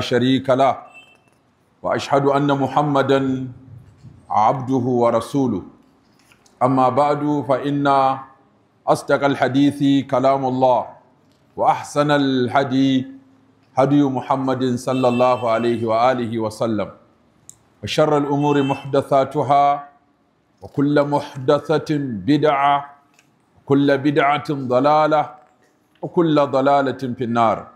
شريك له واشهد ان محمدا عبده ورسوله اما بعد فان اصدق الحديث كلام الله واحسن الهدي هدي محمد صلى الله عليه واله وسلم وشر الامور محدثاتها وكل محدثه بدعه وكل بدعه ضلاله وكل ضلاله في النار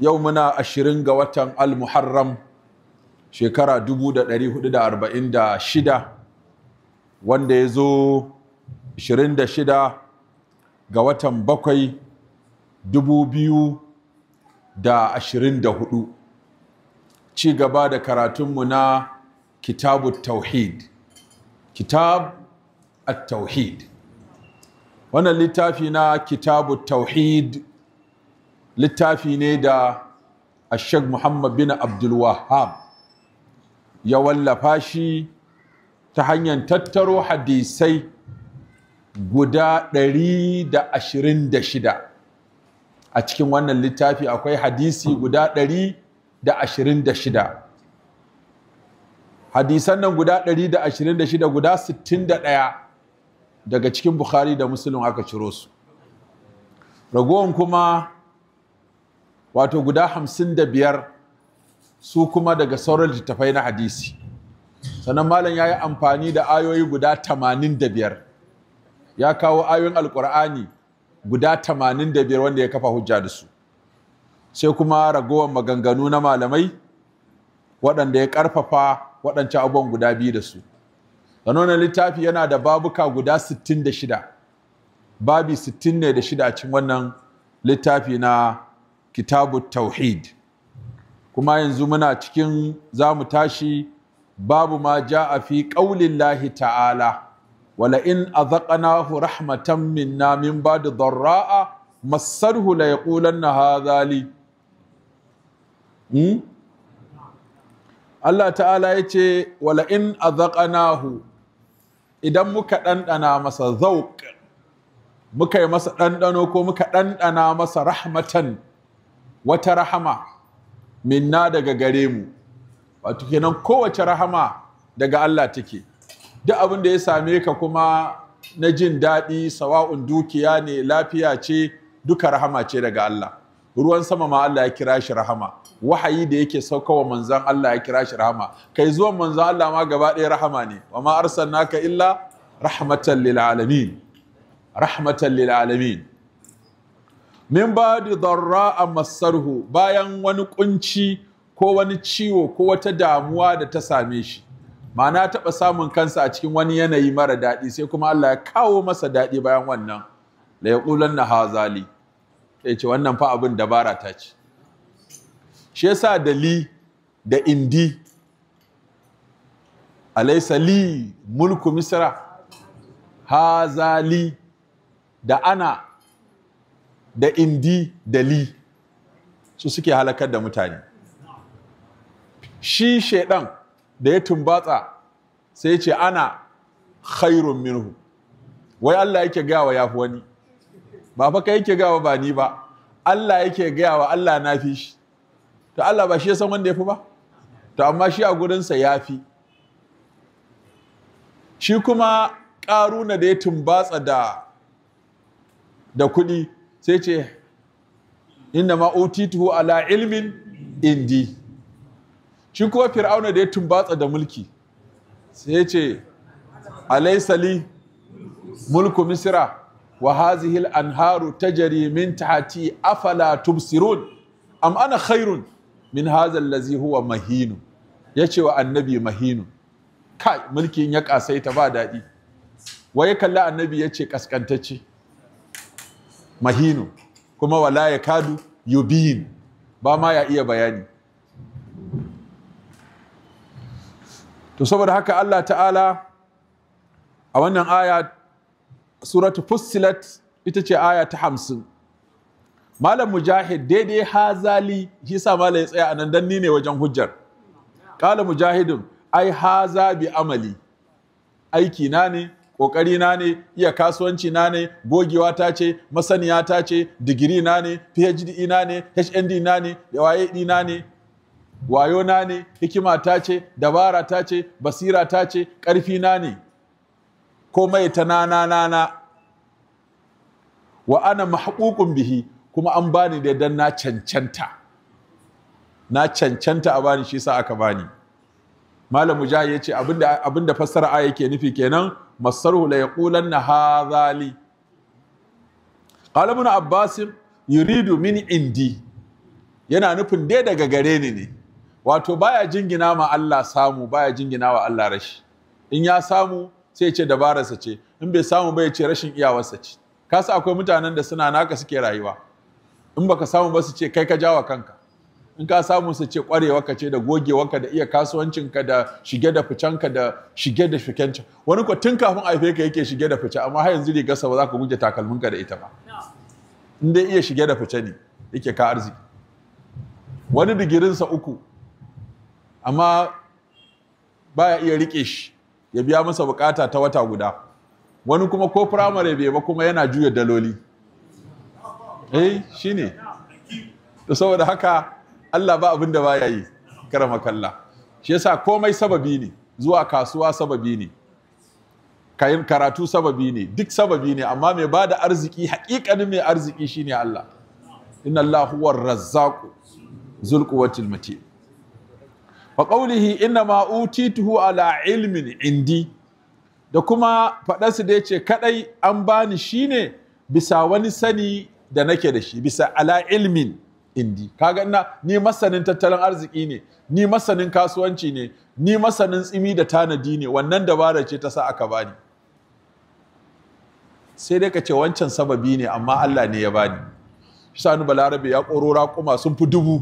yau muna ashirin ga watan al-muharram shekara 1446 wanda ya zo 26 ga watan bakwai 2024 ci gaba da karatunmu na kitabu tauhid kitab at-tauhid wannan littafi na kitabu tauhid littafi ne da ashek muhammad bin abdulwahab ya wallafa shi ta hanyar tattaro hadisai guda 126 a cikin wannan littafi akwai hadisi guda 126 hadisan nan guda 126 guda 61 daga cikin bukhari da musulun aka ciro su ragowar kuma wato guda hamsin da biyar su kuma daga sauran littattafai na hadisi sannan malam ya yi amfani da ayoyi guda tamanin da biyar ya kawo ayoyin alkur'ani guda tamanin da biyar wanda ya kafa hujja da su sai kuma ragowar maganganu na malamai waɗanda ya ƙarfafa waɗancan abubuwan guda biyu da su sannan littafi yana da babuka guda sittin da shida babi sittin ne da shida a cikin wannan littafi na kitabu tauhid kuma yanzu muna cikin za mu tashi babu ma ja a fi ƙaunin lahi ta'ala wala in a zaƙanahu rahmatan minna min ba da zarra'a masarhu la ya ƙulan na hazali hmm? Allah ta'ala ya ce wala in a zaƙanahu idan muka ɗanɗana masa zauk muka yi masa ɗanɗano ko muka ɗanɗana masa rahmatan wata rahama minna daga gare mu wato kenan kowace rahama daga Allah take duk abin da ya same ka kuma na jin daɗi sawa'un dukiya ne lafiya ce duka rahama ce daga Allah ruwan sama ma Allah ya kira shi rahama wahayi da yake saukawa manzan Allah ya kira shi rahama kai zuwan manzan Allah ma gaba ɗaya rahama ne wa ma arsalnaka illa rahmatan lil alamin rahmatan lil alamin min ba da zarra a masarhu bayan wani kunci ko wani ciwo ko wata damuwa da ta same shi ma'ana taɓa samun kansa a cikin wani yanayi mara daɗi sai kuma Allah ya kawo masa daɗi bayan wannan la ya ƙulan na hazali ya ce wannan fa abin dabara ta ce shi sa da li da indi alaisa li mulku misra hazali da ana da indi da li su suke halakar da mutane shi shaidan da ya tumbatsa sai ce ana khairun minhu wai Allah yake gawa ya fi wani ba fa kai yake gawa ba ni ba Allah yake gawa Allah na fi shi to Allah ba shi ya san wanda ya fi ba to amma shi a gurinsa ya fi shi kuma ƙaruna da ya tumbatsa da kuɗi sai ce inda ma ala ilmin indi shi kuma fir'auna da ya tumbatsa da mulki sai ce alaisali mulku Misira, wa hazihil anharu tajri min tahti afala tubsirun am ana khairun min hadha allazi huwa mahinu yace wa annabi mahinu kai mulkin ya kasaita ba daɗi ya kalla annabi yace kaskantacce Mahino kuma wala ya kadu yubiyin ba ma ya iya bayani to saboda haka Allah ta'ala a wannan aya suratu fussilat ita ce aya ta hamsin malam mujahid daidai hazali shi sa malam ya tsaya a nan danni ne wajen hujjar kala mujahidin ai haza bi amali aiki na ne kokari na ne iya kasuwanci na ne gogewa ta ce masaniya ta ce digiri na ne phd na ne hnd na ne waye na ne wayo na ne hikima ta ce dabara ta ce basira ta ce ƙarfi na ne komai ta na na na wa ana mahaƙuƙun bihi kuma an bani da dan na cancanta na cancanta a bani shi sa aka bani malam ya ya ce, abinda fassara aya ke nufi kenan masaruhu la yaqulanna hadha qala ibn abbas yuridu min indi yana nufin dai daga gare ni ne wato baya jingina ma Allah samu baya jingina wa Allah rashi in ya samu sai ce dabararsa ce in bai samu ba ya ce rashin iyawarsa ce kasa akwai mutanen da suna naka suke rayuwa in baka samu ba su ce kai ka jawa kanka in ka samu su ce kwarewarka ce da gogewarka da iya kasuwancinka da shige da ficenka da shige da fikenci wani ko tun kafin haife ka yake shige da fice amma har yanzu gasa ba za ka guje takalminka da ita ba in dai iya shige da fice ne yake ka arziki wani digirinsa uku amma baya iya rike shi ya biya masa bukata ta wata guda wani kuma ko firamare bai ba kuma yana juya daloli eh shine to saboda haka Allah ba abin da ya yi karama makalla. shi yasa komai sababi ne zuwa kasuwa sababi ne kayan karatu sababi ne duk sababi ne amma mai ba da arziki hakikanin mai arziki shine Allah inna Allah huwa razzaqu zul quwwatil wa qawlihi inna ma'u utituhu ala ilmin indi da kuma faɗarsa da ce kaɗai an bani shine bisa wani sani da nake da shi bisa ala ilmin indi kaga ina ni masanin tattalin arziki ne ni masanin kasuwanci ne ni masanin tsimi da tanadi ne wannan dabara ce ta sa aka bani sai dai ka ce wancan sababi ne amma Allah ne ya bani sanu balarabe ya koro raƙuma sun fi dubu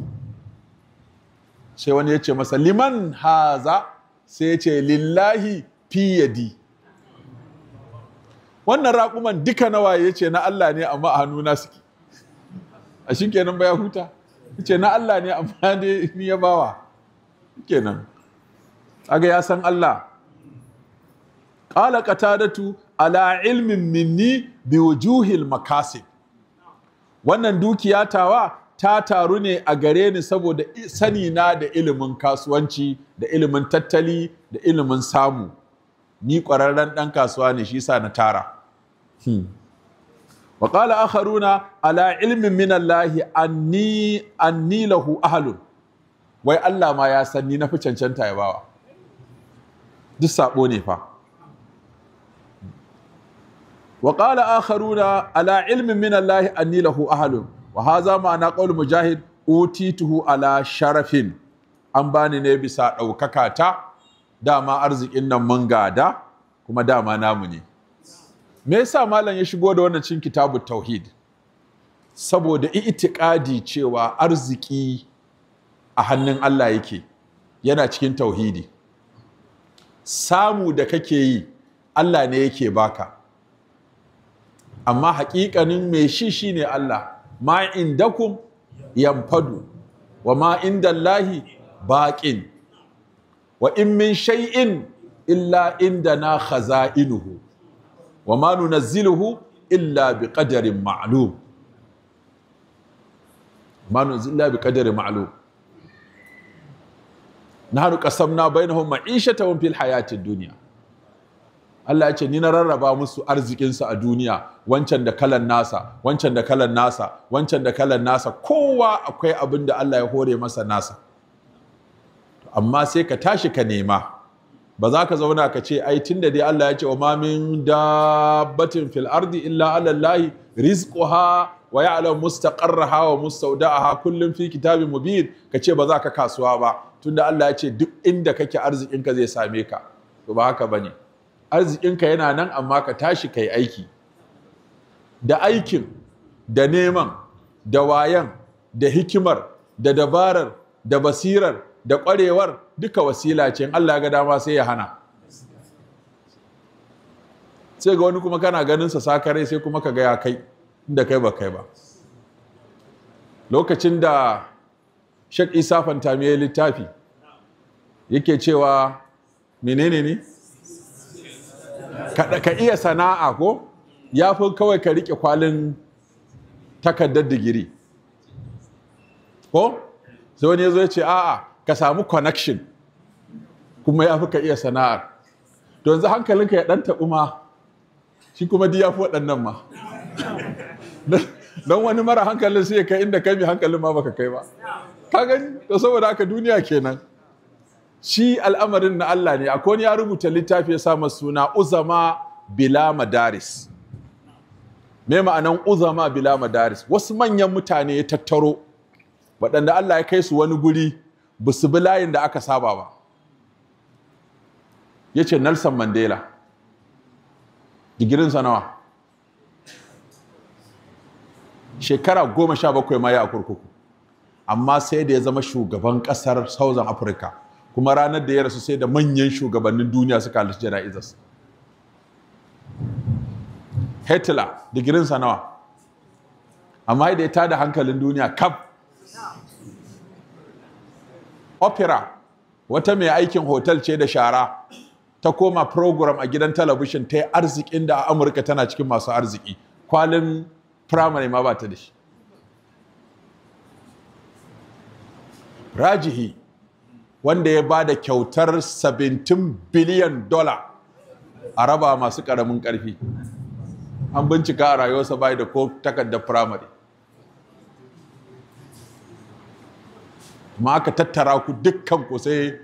sai wani ya ce masa liman haza sai ya ce lillahi fi wannan raƙuman duka nawa ya ce na Allah ne amma a hannuna suke a shi kenan ba ya huta ce na Allah ne amma dai ni ya bawa kenan aga ya san Allah qala qatadatu ala ilmin minni bi wujuhil makasib wannan dukiya tawa ta taru ne a gare ni saboda sani na da ilimin kasuwanci da ilimin tattali da ilimin samu ni ƙwararren ɗan kasuwa ne shi sa na tara hmm. wa qala akharuna ala ilmin min Allah anni anni lahu ahlun wai Allah ma ya san na fi cancanta ya bawa duk sabo ne fa wa qala akharuna ala ilmin min Allah anni lahu ahlun wa hadha ma'ana qaul mujahid utituhu ala sharafin an bani ne bisa ɗaukaka ta dama arzikin nan mun gada kuma dama namu ne me yasa malam ya shigo da wannan cin kitabu tauhid saboda itikadi cewa arziki a hannun Allah yake yana cikin tauhidi samu da kake yi Allah ne yake baka amma haƙiƙanin mai shi shine Allah ma indakum yanfadu wa ma indallahi baqin wa in min shay'in illa indana khaza'inuhu wa ma nunazziluhu illa bi qadarin ma'lum ma nunazzilu illa bi qadarin ma'lum nahnu qasamna bainahum ma'ishatahum fil hayatid dunya Allah ya ce ni na rarraba musu su a duniya wancan da kalan nasa wancan da kalan nasa wancan da kalan nasa kowa akwai abin da Allah ya hore masa nasa amma sai ka tashi ka nema ba za ka zauna ka ce ai tunda dai Allah ya ce wa mamin dabbatin fil ardi illa ala lahi rizquha wa ya'lam mustaqarraha wa mustawda'aha kullun fi kitabin mubin ka ce ba za ka kasuwa ba tunda Allah ya ce duk inda kake arzikin ka zai same ka to ba haka bane arzikin ka yana nan amma ka tashi kai aiki da aikin da neman da wayan da hikimar da dabarar da basirar da ƙwarewar duka wasila ce Allah ga dama sai ya hana sai ga wani kuma kana ganin sa sakare sai kuma ka gaya kai inda kai ba kai ba lokacin da shek Isa fantamiya ya littafi yake cewa menene ne ka iya sana'a ko ya fi kawai ka riƙe kwalin takardar digiri ko sai wani ya zo ce a'a ka samu connection kuma ya fi ka iya sana'ar to yanzu hankalinka ya ɗanta taɓu shi kuma ya fi waɗannan ma don wani mara hankalin sai ka kai inda kai mai hankalin ma baka kai ba ka gani to saboda haka duniya kenan shi al'amarin na Allah ne akwai ya rubuta littafi ya sa suna uzama bila madaris me ma'anan uzama bila madaris wasu manyan mutane ya tattaro waɗanda Allah ya kai su wani guri ba su bi layin da aka saba ba ya ce nelson mandela digirinsa nawa shekara goma sha bakwai ma ya a kurkuku amma sai da ya zama shugaban kasar southern africa kuma ranar da ya rasu sai da manyan shugabannin duniya suka halarci jana'izarsa hitler digirinsa nawa amma da ya tada hankalin duniya kaf opera wata mai aikin hotel ce da shara ta koma program a gidan talabishin ta yi arzikin da a amurka tana cikin masu arziki kwalin firamare ma ba ta da shi rajihi wanda ya ba da kyautar 17 biliyan dola a raba masu ƙaramin ƙarfi an bincika a rayuwarsa bai da ko takardar firamare ma aka tattara ku dukkan ku sai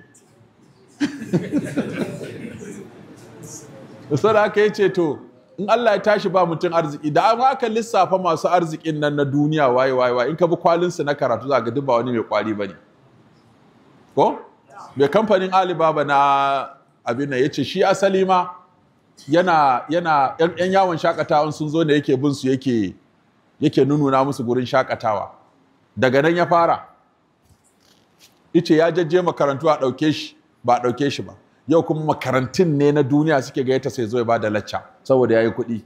da aka yi ce to in Allah ya tashi ba mutum arziki da an aka lissafa masu arzikin nan na duniya waye waye waye in ka bi kwalinsu na karatu za ga ba wani mai kwali bane ko mai kamfanin Alibaba na abin nan yace shi asali ma yana yana yan yawon shakatawa sun zo ne yake bin su yake yake nununa musu gurin shakatawa daga nan ya fara ice ya jajje makarantu a ɗauke shi ba a ɗauke shi ba yau kuma makarantun ne na duniya suke gayyata sai zo ya da lacca saboda ya yi kuɗi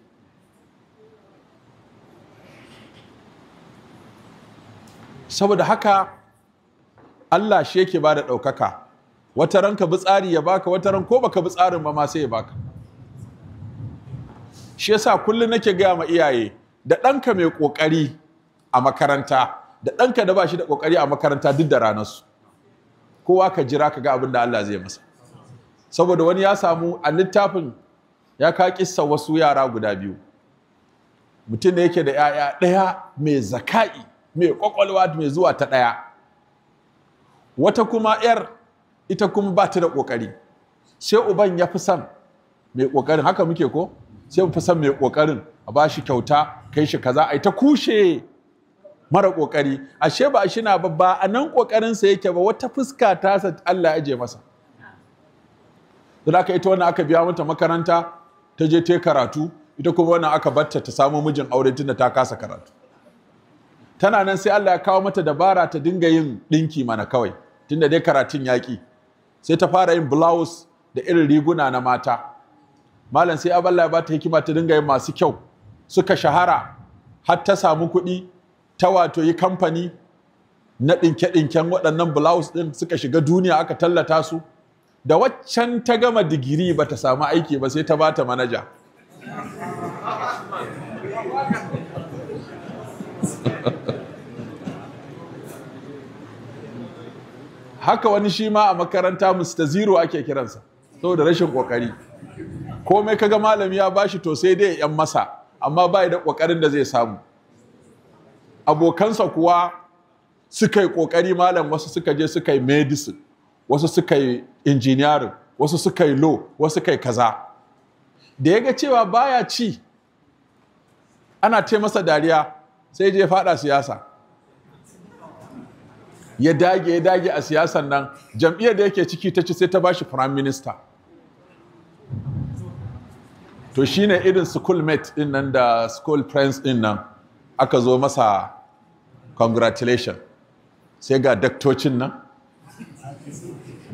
saboda haka Allah shi yake da ɗaukaka wata ran ka bi tsari ya baka wata ran ko baka bi tsarin ba ma sai ya baka shi yasa kullum nake gaya ma iyaye da ɗanka mai ƙoƙari a makaranta da ɗanka da ba shi da ƙoƙari a makaranta duk da ranarsu kowa ka jira ka ga abin da Allah zai masa saboda wani ya samu a littafin ya ka kissa wasu yara guda biyu mutum da yake da ‘ya'ya ɗaya mai zaka'i mai ƙwaƙwalwa mai zuwa ta ɗaya wata kuma ‘yar ita kuma ba ta da ƙoƙari sai uban ya fi son mai ƙoƙarin haka muke ko sai mu fi son mai ƙoƙarin a ba shi kyauta kai shi kaza a ta kushe mara kokari ashe ba shi na ba ba a nan ƙoƙarinsa yake ba wata fuska ta sa Allah ya aje masa don aka ita wannan aka biya mata makaranta ta je ta karatu ita kuma wannan aka batta ta samu mijin aure tunda ta kasa karatu tana nan sai Allah ya kawo mata dabara ta dinga yin dinki mana kawai tunda dai karatun yaƙi sai ta fara yin blouse da irin riguna na mata malam sai Allah ya ba ta hikima ta dinga yin masu kyau suka shahara har ta samu kuɗi ta wato yi kamfani na ɗinke-ɗinken waɗannan blouse ɗin suka shiga duniya aka tallata su da waccan ta gama digiri ba ta samu aiki ba sai ta ba ta manaja haka wani shi ma a makaranta Mr. Zero ake kiransa saboda rashin kokari komai kaga malami ya bashi to sai dai yan masa amma bai da ƙoƙarin da zai samu abokansa kuwa suka yi ƙoƙari malam wasu suka je suka yi medicine wasu suka yi engineering wasu suka yi law wasu suka yi kaza da ya ga cewa baya ci ana ce masa dariya sai je fada siyasa ya dage ya dage a siyasan nan jam'iyyar da yake ciki ta ci sai ta bashi prime minister to shine irin school mate din nan da school friends din nan aka zo masa congratulation sai ga daktocin nan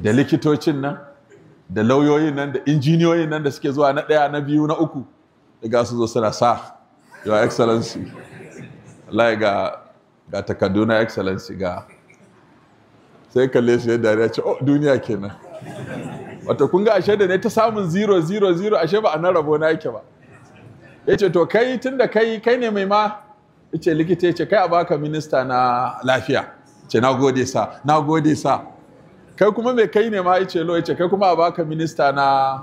da likitocin nan da lauyoyin nan da injiniyoyin nan da suke zuwa na ɗaya na biyu na uku ga su zo suna sa your excellency Allah ga ga takaduna excellency ga sai kalle su yadda ya ce oh duniya kenan wato kun ga ashe da ne ta samun 000 ashe ba a na rabo na yake ba ya ce to kai tun da kai kai ne mai ma ce likita ya ce kai a baka minista na lafiya ce na gode sa na gode sa kai kuma mai kai ne ma ya ce lo ce kai kuma a baka minista na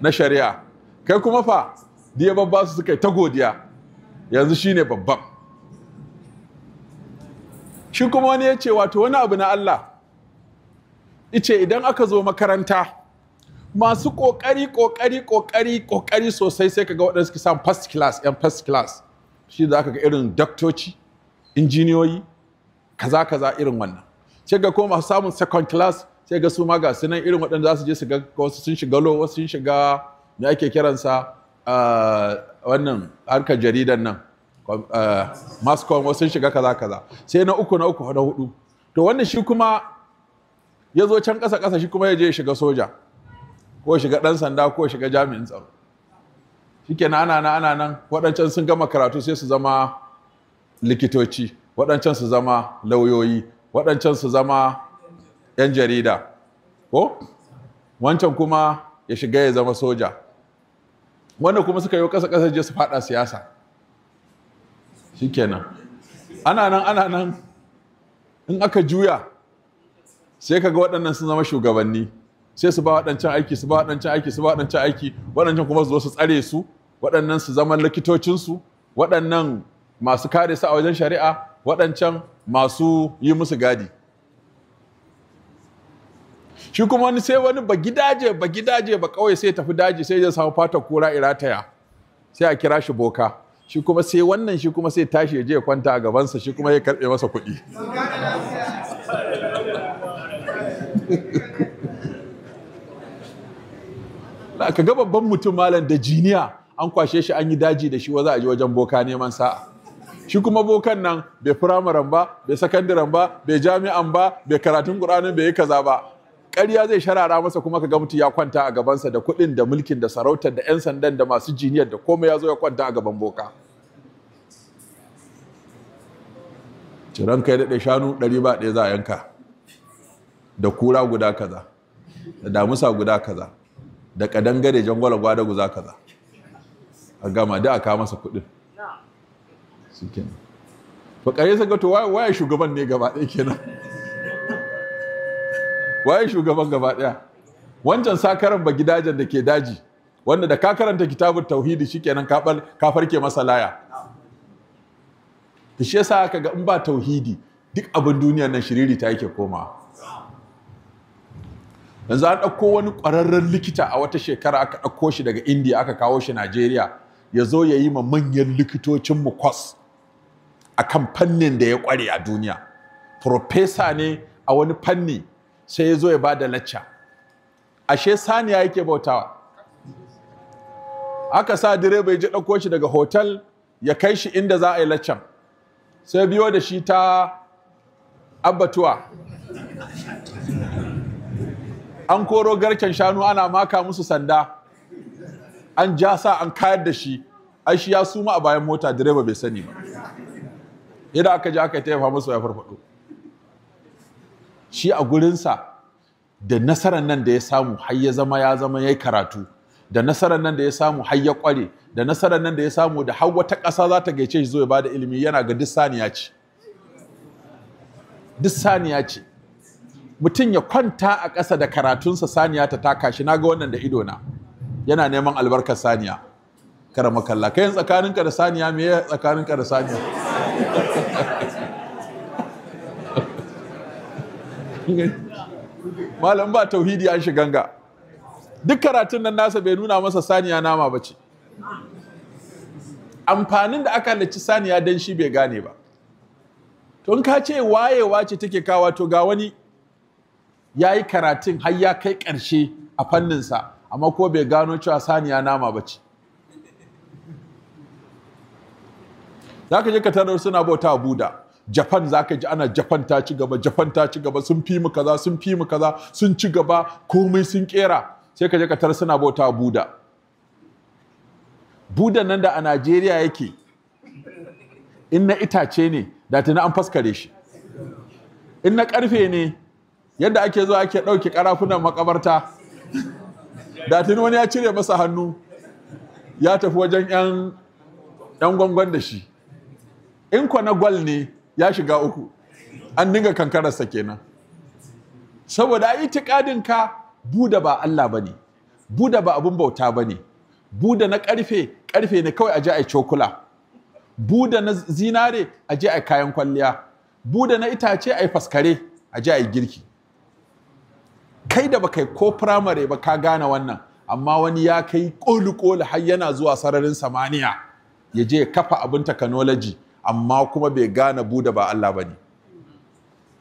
na shari'a kai kuma fa diya babba su suka yi ta godiya yanzu shi ne babban shi kuma wani ya ce wato wani abu na Allah ice idan aka zo makaranta masu ƙoƙari ƙoƙari ƙoƙari ƙoƙari sosai sai kaga waɗanda suke samun first class yan first class shi za ka ga irin daktoci injiniyoyi kaza kaza irin wannan sai ga kuma samun second class sai ga su ma ga su nan irin waɗanda za su je su ga wasu sun shiga lo wasu sun shiga me ake kiransa ah, wannan harkar jaridan nan mascom ah, wasu sun shiga kaza kaza sai na uku na uku na hudu to wannan shi kuma ya zo can ƙasa ƙasa shi kuma ya je ya shiga soja ko shiga ɗan sanda ko shiga jami'in tsaro na ana na ana nan waɗancan sun gama karatu sai su zama likitoci waɗancan su zama lauyoyi waɗancan su zama 'yan jarida ko wancan kuma ya shiga ya zama soja wanda kuma suka yi ƙasa ƙasa je su faɗa siyasa shikenan ana nan ana nan in aka juya sai ga waɗannan sun zama shugabanni sai su ba waɗancan aiki su ba waɗancan aiki su ba waɗancan aiki waɗancan kuma su zo su tsare su waɗannan su zama likitocinsu waɗannan masu kare su a wajen shari'a waɗancan masu yi musu gadi shi kuma wani sai wani ba gidaje ba gidaje ba kawai sai tafi daji sai ya samu fatar kura irataya sai a kira shi boka shi kuma sai wannan shi kuma sai tashi ya je ya kwanta a gabansa shi kuma ya karɓe masa kuɗi ka ga babban mutum malam da jiniya an kwashe shi an yi daji da shi wa za a je wajen boka neman sa'a shi kuma bokan nan bai firamaren ba bai sakandaren ba bai jami'an ba bai karatun ƙur'anin bai yi kaza ba ƙarya zai sharara masa kuma ka ga mutum ya kwanta a gabansa da kuɗin da mulkin da sarautar da 'yan sandan da masu jiniyar da komai ya zo ya kwanta a gaban boka ciran kai daɗe shanu ɗari ba ɗaya za a yanka da kura guda kaza da damusa guda kaza da ƙadangare jangwala gwada guza kaza a gama da aka masa kuɗin su kenan ba sun gato waye shugaban ne gaba ɗaya kenan waye shugaban gaba ɗaya wancan sakaran ba gidajen da ke daji wanda da ka karanta kitabun tauhidi shi kenan ka farke masa laya ta shi yasa aka ga in ba tauhidi duk abin duniya nan shiriri ta yake koma yanzu an ɗauko wani ƙwararren likita a wata shekara aka ɗauko shi daga indiya aka kawo shi najeriya ya zo ya yi ma manyan likitocin mu kwas a kan fannin da ya kware a duniya Profesa ne a wani fanni sai ya zo ya ba da lacca ashe saniya yake bautawa aka sa direba ya ji ɗauko shi daga hotel ya kai shi inda za a yi laccan sai biyo da shi ta abbatuwa an koro garken shanu ana maka musu sanda an ja sa an kayar da shi ai shi ya suma a bayan mota direba bai sani ba yadda aka je aka taifa masa ya farfado shi a gurinsa da nasarar nan da ya samu har ya zama ya zama ya yi karatu da nasarar nan da ya samu har ya kware da nasarar nan da ya samu da har wata ƙasa za ta gaice shi zo ya ba ilimi yana ga duk saniya ce Duk saniya ce mutum ya kwanta a ƙasa da karatunsa saniya ta taka shi na ga wannan da idona yana neman albarkar saniya kara makalla kai tsakaninka da saniya me ya tsakaninka da saniya malam ba tauhidi an shi ganga duk karatun nan nasa bai nuna masa saniya nama ba ce amfanin da aka halarci saniya dan shi bai gane ba to in ka ce wayewa ce take kawa to ga wani ya yi karatun har ya kai ƙarshe a fanninsa amma ko bai gano cewa saniya nama ba ce za ka je ka suna bauta buda japan za ka ji ana japan ta ci gaba japan ta ci gaba sun fi mu kaza sun fi mu kaza sun ci gaba komai sun kera sai ka je ka suna bauta buda buda nan da a najeriya yake in na itace ne da tuni an faskare shi in na karfe ne yadda ake zuwa ake ɗauke ƙarafunan makabarta da tuni wani ya cire masa hannu ya tafi wajen 'yan gwangon da shi in kwa na gwal ne ya shiga uku an dinga kankararsa kenan saboda itikadin ka buda ba Allah ba ne buda ba abun bauta ba ne buda na karfe karfe ne kawai aje a cokula buda na zinare aje a kayan kwalliya buda na itace a yi faskare aje a yi girki kai da baka yi ko firamare ba ka gane wannan amma wani ya kai koli-koli har yana zuwa sararin samaniya ya je kafa abin technology amma kuma bai gane buda ba Allah ba ne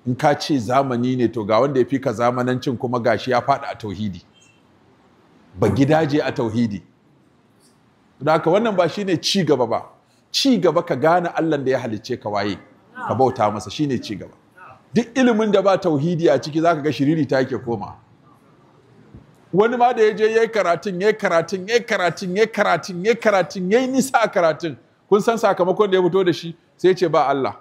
in ka ce zamani ne to ga wanda ya fi ka zamanancin kuma gashi ya faɗi a tauhidi ba gidaje a tauhidi da haka wannan ba shine ci gaba ba ci gaba ka gane Allah da ya halicce ka waye ka bauta masa shine ci gaba duk ilimin da ba tauhidi a ciki zaka ga shiriri ta yake koma wani ma da ya je ya yi karatun yi karatun yi karatun yi karatun yi karatun yi nisa a karatun kun san sakamakon da ya fito da shi sai ce ba Allah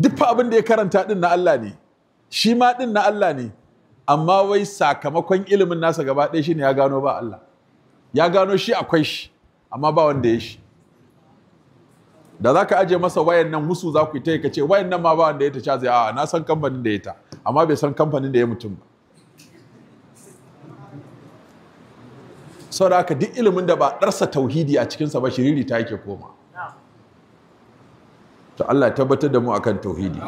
duk abin da ya karanta din na Allah ne shi ma din na Allah ne amma wai sakamakon ilimin nasa gaba ɗaya shine ya gano ba Allah ya gano shi akwai shi amma ba wanda ya shi da za ka aje masa wayan nan musu za ku yi ta ka ce wayan nan ma ba wanda ya ta caza a na san kamfanin da ya ta amma bai san kamfanin da ya mutum ba saboda haka duk ilimin da ba ɗarsa tauhidi a cikinsa ba shiriri ta yake koma to Allah ya tabbatar da mu akan tauhidi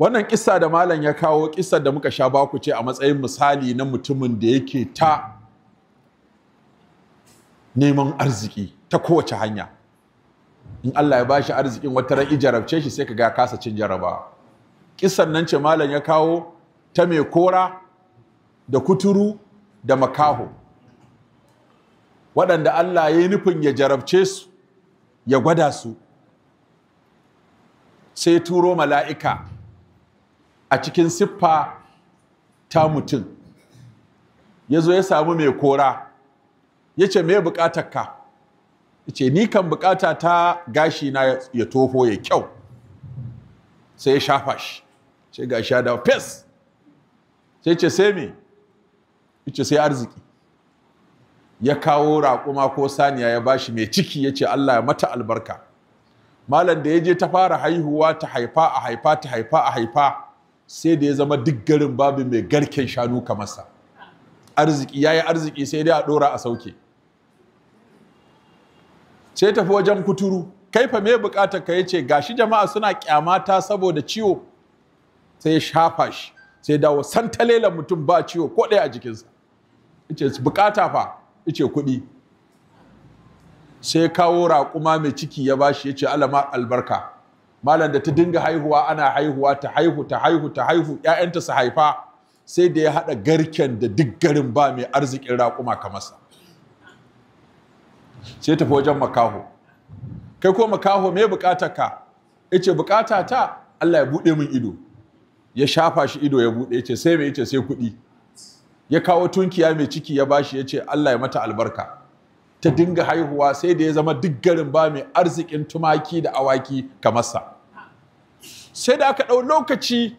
wannan kisa da malam ya kawo kisa da muka sha baku ce a matsayin misali na mutumin da yake ta neman arziki ta kowace hanya in Allah ya bashi arzikin wata ran ijarabce shi sai ka ga kasa cin jaraba kisan nan ce malam ya kawo ta mai kora da kuturu da makaho waɗanda Allah ya yi nufin ya jarabce su ya gwada su sai turo mala'ika a cikin siffa ta mutum ya zo ya samu mai kora ya ce mai ka? ce ni kan bukata ta gashi na ya toho ya kyau sai ya shafa shi sai gashi ya dawo fes sai ce sai me ce sai arziki ya kawo raƙuma ko saniya ya bashi mai ciki ya ce Allah ya mata albarka malam da ya je ta fara haihuwa ta haifa a haifa ta haifa a haifa sai da ya zama duk garin babu mai garken shanu kamarsa arziki ya yi arziki sai dai a ɗora a sauke sai tafi wajen kuturu kai fa me bukatar ka yace gashi jama'a suna kyamata saboda ciwo sai ya shafa shi sai dawo talela mutum ba ciwo ko a jikinsa yace bukata fa yace kuɗi sai kawo raƙuma mai ciki ya bashi yace alama albarka malam da ta dinga haihuwa ana haihuwa ta haihu ta haihu ta haihu ƴaƴanta su haifa sai da ya haɗa garken da duk garin ba mai arzikin raƙuma kamar sa sai tafi wajen makaho kai ko makaho me bukatar ka yace bukata ta Allah ya buɗe min ido ya shafa shi ido ya bude yace sai me yace sai kuɗi ya kawo tunkiya mai ciki ya bashi yace Allah ya mata albarka ta dinga haihuwa sai da ya zama duk garin ba mai arzikin tumaki da awaki kamar sa sai da aka ɗau lokaci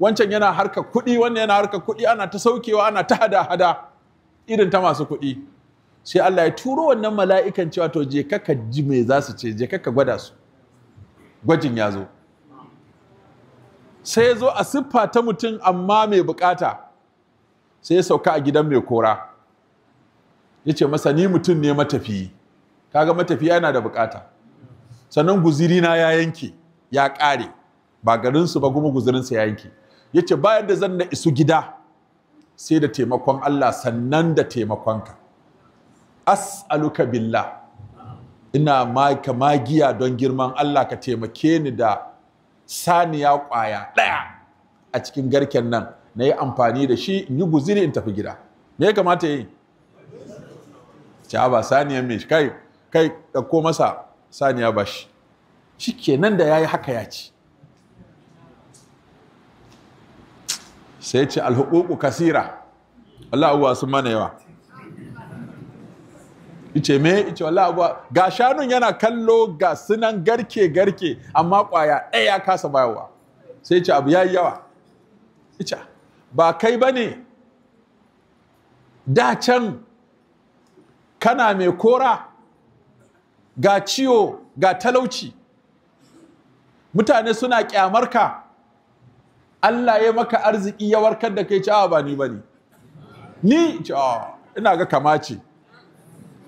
wancan yana harka kuɗi wannan yana harka kuɗi ana ta saukewa ana ta hada-hada irin ta masu kuɗi sai Allah ya turo wannan mala'ikan cewa to je kaka ji mai za su ce je kaka gwada su gwajin ya zo sai ya zo a siffa ta mutum amma mai bukata sai ya sauka a gidan mai kora ya ce masa ni mutum ne matafi kaga matafiya yana da bukata sannan na ya yanke ya kare. ba garinsu ba kuma guzirinsa ya yanke ya ce bayan da zan na isu gida sai da taimakon Allah sannan da taimakonka as'aluka billah ina maka magiya don girman Allah ka taimake ni da saniya kwaya ɗaya a cikin garken nan na yi amfani da shi in yi guziri in tafi gida me ya kamata yi ba saniya mai kai kai ɗauko masa saniya ba shi shi kenan da ya yi haka ya ci sai ce alhukuku kasira Allah uwa sun mana yawa ice me ice wallahi abuwa ga shanun yana kallo ga sunan garke garke amma kwaya ɗaya ya kasa bayarwa sai ce abu yayi yawa ice ba kai ne? da can kana mai kora ga ciwo ga talauci mutane suna kyamarka Allah ya maka arziki ya warkar da kai cewa ba ni ne ni cewa ina ga kamace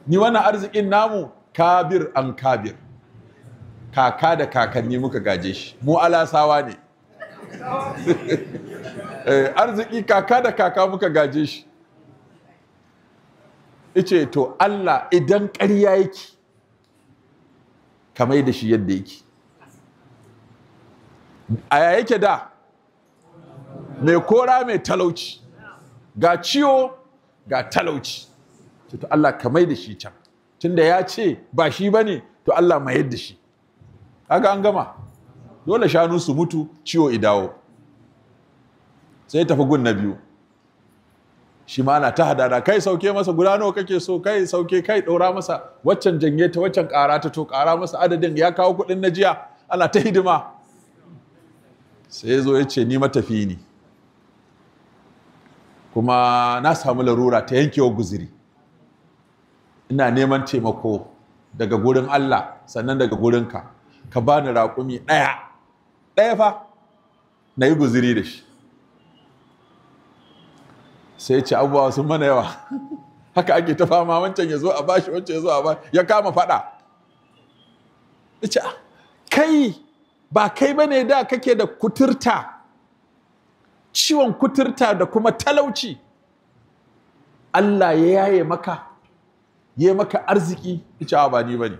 ni wannan arzikin namu kabir an kabir kaka da kakanni muka gaje shi mu alasawa ne eh, arziki kaka da kaka muka gaje shi ice to Allah idan ƙarya yake kamar da shi yadda yake a yake da mai kora mai talauci ga ciwo ga talauci ce to Allah ka mai da shi can tunda ya ce ba shi ba ne, to Allah mayar da shi kaga an gama dole shanu su mutu ciwo idawo sai tafi gun na biyu shi ma ana ta hadada kai sauke masa guda nawa kake so kai sauke kai ɗora masa waccan janye ta waccan ƙara ta to ƙara masa adadin ya kawo kuɗin na jiya ana ta hidima sai zo ya ce ni matafi ne kuma na samu larura ta yankewa guziri ina neman taimako daga gurin Allah sannan daga gurinka ka bani raƙumi ɗaya ɗaya fa na yi guziri da shi sai ce abubuwa sun mana yawa haka ake ta fama wancan ya zo a bashi wancan ya zo a bashi ya kama faɗa ce ah, kai ba kai bane da kake da kuturta ciwon kuturta da kuma talauci Allah ya yaye maka ya maka arziki ita ba ni ba ne.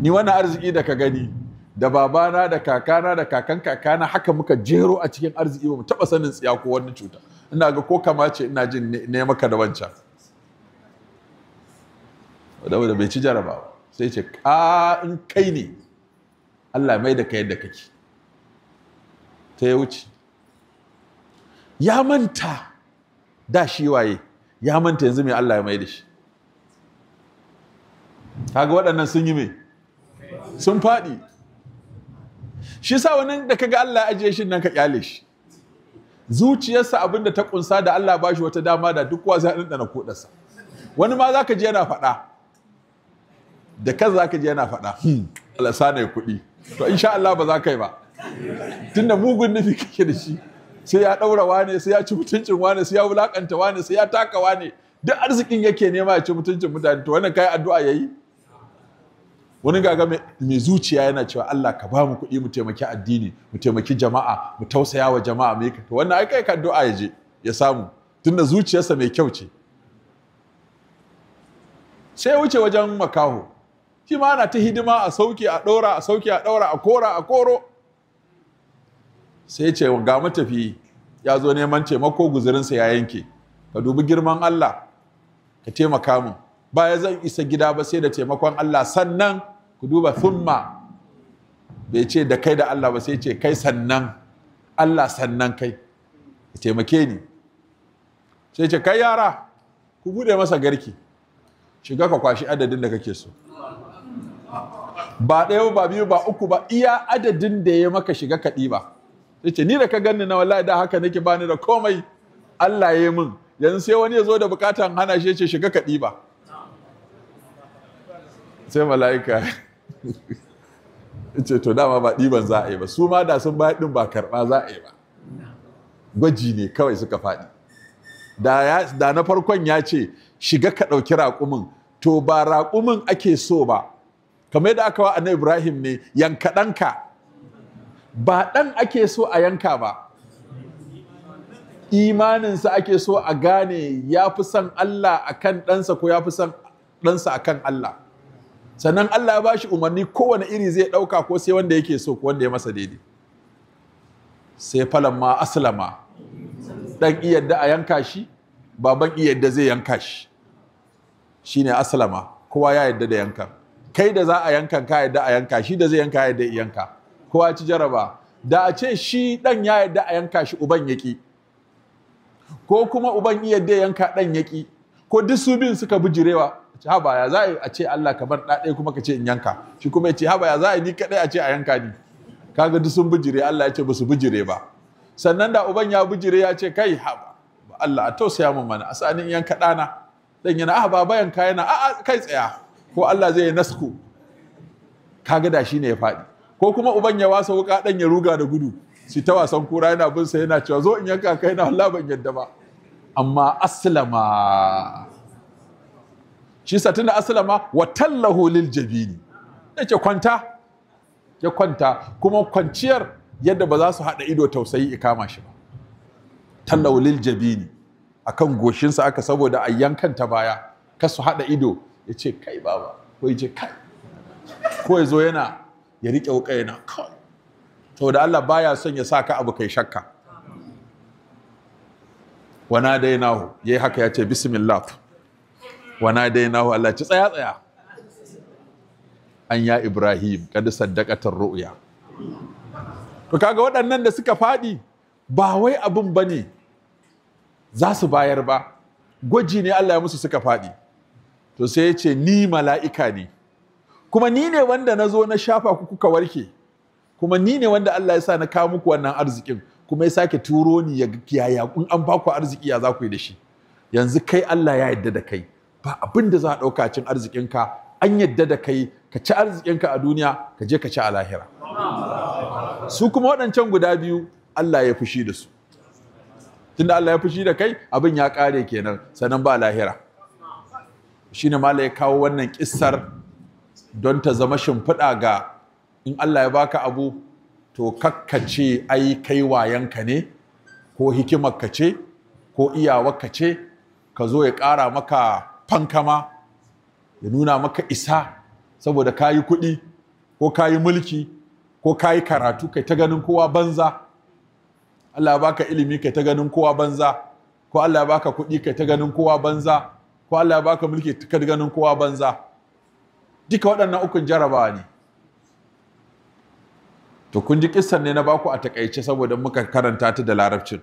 ni wani arziki da ka gani da babana da kakana da kakan kakana haka muka jero a cikin arziki ba mu taba sanin tsiya ko wani cuta ina ga ko kama ce ina jin ne maka da wancan wadda bai ci jarabawa sai ce ka in kai ne Allah mai da ka yadda kake ta ya wuce ya manta da shi waye ya manta yanzu mai Allah ya mai da shi kaga waɗannan sun yi mai sun faɗi shi sa wani da kaga Allah ya ajiye shi nan ka kyale shi zuciyarsa abinda ta kunsa da Allah ba shi wata dama da duk wa zai ko kodarsa wani ma zaka ji yana faɗa da kan zaka ji yana faɗa Allah sana kuɗi to insha Allah ba za ka yi ba tunda mugun nufi kake da shi sai ya ɗaura wane sai ya ci mutuncin wane sai ya wulakanta wane sai ya taka wane duk arzikin yake nema ya ci mutuncin mutane to wannan kai addu'a yayi wani gaga mai zuciya yana cewa Allah ka ba mu kuɗi mu taimaki addini mu taimaki jama'a mu tausaya wa jama'a mu to wannan ai kai ka addu'a ya je ya samu tunda zuciyarsa mai kyau ce sai ya wuce wajen makaho shi ma ana ta hidima a sauke a ɗora a sauke a ɗora a kora a koro sai ce ga matafi ya zo neman taimako guzurinsa ya yanke ka dubi girman Allah ka taimaka min ba ya zan isa gida ba sai da taimakon Allah sannan ku duba thumma bai ce da kai da Allah ba sai ce kai sannan Allah sannan kai ka taimake ni sai ce kai yara ku bude masa garki shiga ka kwashi adadin da kake so ba ɗaya ba biyu ba uku ba iya adadin da ya maka shiga kaɗi ba yace ni da ka ganni na wallahi da haka nake bani da komai Allah ya yi min yanzu sai wani ya zo da bukatan hana shi yace shiga ka ɗiba sai mala'ika yace to dama ba ɗiban za a yi ba su ma da sun bayar ɗin ba karɓa za a yi ba gwaji ne kawai suka faɗi da na farkon ya ce shiga ka ɗauki raƙumin to ba raƙumin ake so ba kamar yadda aka wa annabi ibrahim ne ka ba ɗan ake so a yanka ba imaninsa ake so a gane ya fi son Allah a kan ɗansa ko ya fi son ɗansa a kan Allah sannan Allah ya ba shi umarni kowane iri zai ɗauka ko sai wanda yake so ko wanda ya masa daidai sai falon ma aslama ɗan iyadda a yanka shi baban iyadda zai yanka shi Shi ne aslama kowa ya yadda da yankan kai da za a yankan ka yadda a yanka shi da zai yanka ya yadda yanka kowa ci jaraba da a ce shi dan ya yarda a yanka shi uban yaki ko kuma uban iya da yanka ɗan yaki ko duk su bin suka bijirewa haba ya za a ce Allah ka bar ɗaɗe kuma ka ce in yanka shi kuma ya ce haba ya za a ni kaɗai a ce a yanka ni kaga duk sun bijire Allah ya ce ba su bijire ba sannan da uban ya bijire ya ce kai haba Allah a tausaya mun mana a sani in yanka ɗana dan yana ah baba yanka yana a kai tsaya ko Allah zai nasku kaga da shi ne ya faɗi ko kuma uban ya wasa wuka dan ya ruga da gudu shi ta wasan kura yana bin sa yana cewa zo in yanka kai na Allah ban yadda ba amma aslama shi sa tunda aslama wa tallahu lil jabini yake kwanta ya kwanta kuma kwanciyar yadda ba za su hada ido tausayi ikama shi ba tallahu lil jabini akan goshinsa aka saboda a yankanta baya kasu su hada ido ya kai baba ko ya kai ko ya yana ya riƙe wuƙa yana kawai da Allah baya son ya sa ka abu kai shakka wana dai nahu yayi haka ya ce bismillah wana dai nahu Allah ci tsaya tsaya an ya Ibrahim kada saddaqatar ru'ya to kaga waɗannan da suka faɗi ba wai abin bane za su bayar ba gwaji ne Allah ya musu suka faɗi to sai ya ce ni mala'ika ne kuma ni ne wanda na zo na shafa ku kuka warke kuma ni ne wanda Allah ya sa na kawo muku wannan arzikin kuma ya sake turo ni ya kiyaya kun an ba ku arziki ya za ku yi da shi yanzu kai Allah ya yadda da kai ba abin da za a ɗauka cin arzikinka an yadda da kai ka ci arzikinka a duniya ka je ka ci a lahira su kuma waɗancan guda biyu Allah ya fushi da su tunda Allah ya fushi da kai abin ya ƙare kenan sanan ba lahira shine mala ya kawo wannan kissar don ta zama shimfiɗa ga in Allah ya baka abu to kakkace ai kai wayanka ne ko hikimarka ce ko iyawarka ce ka zo ya ƙara maka fankama ya nuna maka isa saboda ka yi kuɗi ko ka yi mulki ko ka yi karatu kai ta ganin kowa banza Allah ya baka ilimi kai ta ganin kowa banza ko Allah ya baka kuɗi kai ta ganin kowa banza ko Allah ya baka mulki kai ta ganin kowa banza duka waɗannan ukun jaraba ne to kun ji kissan ne na baku a takaice saboda muka karanta ta da larabcin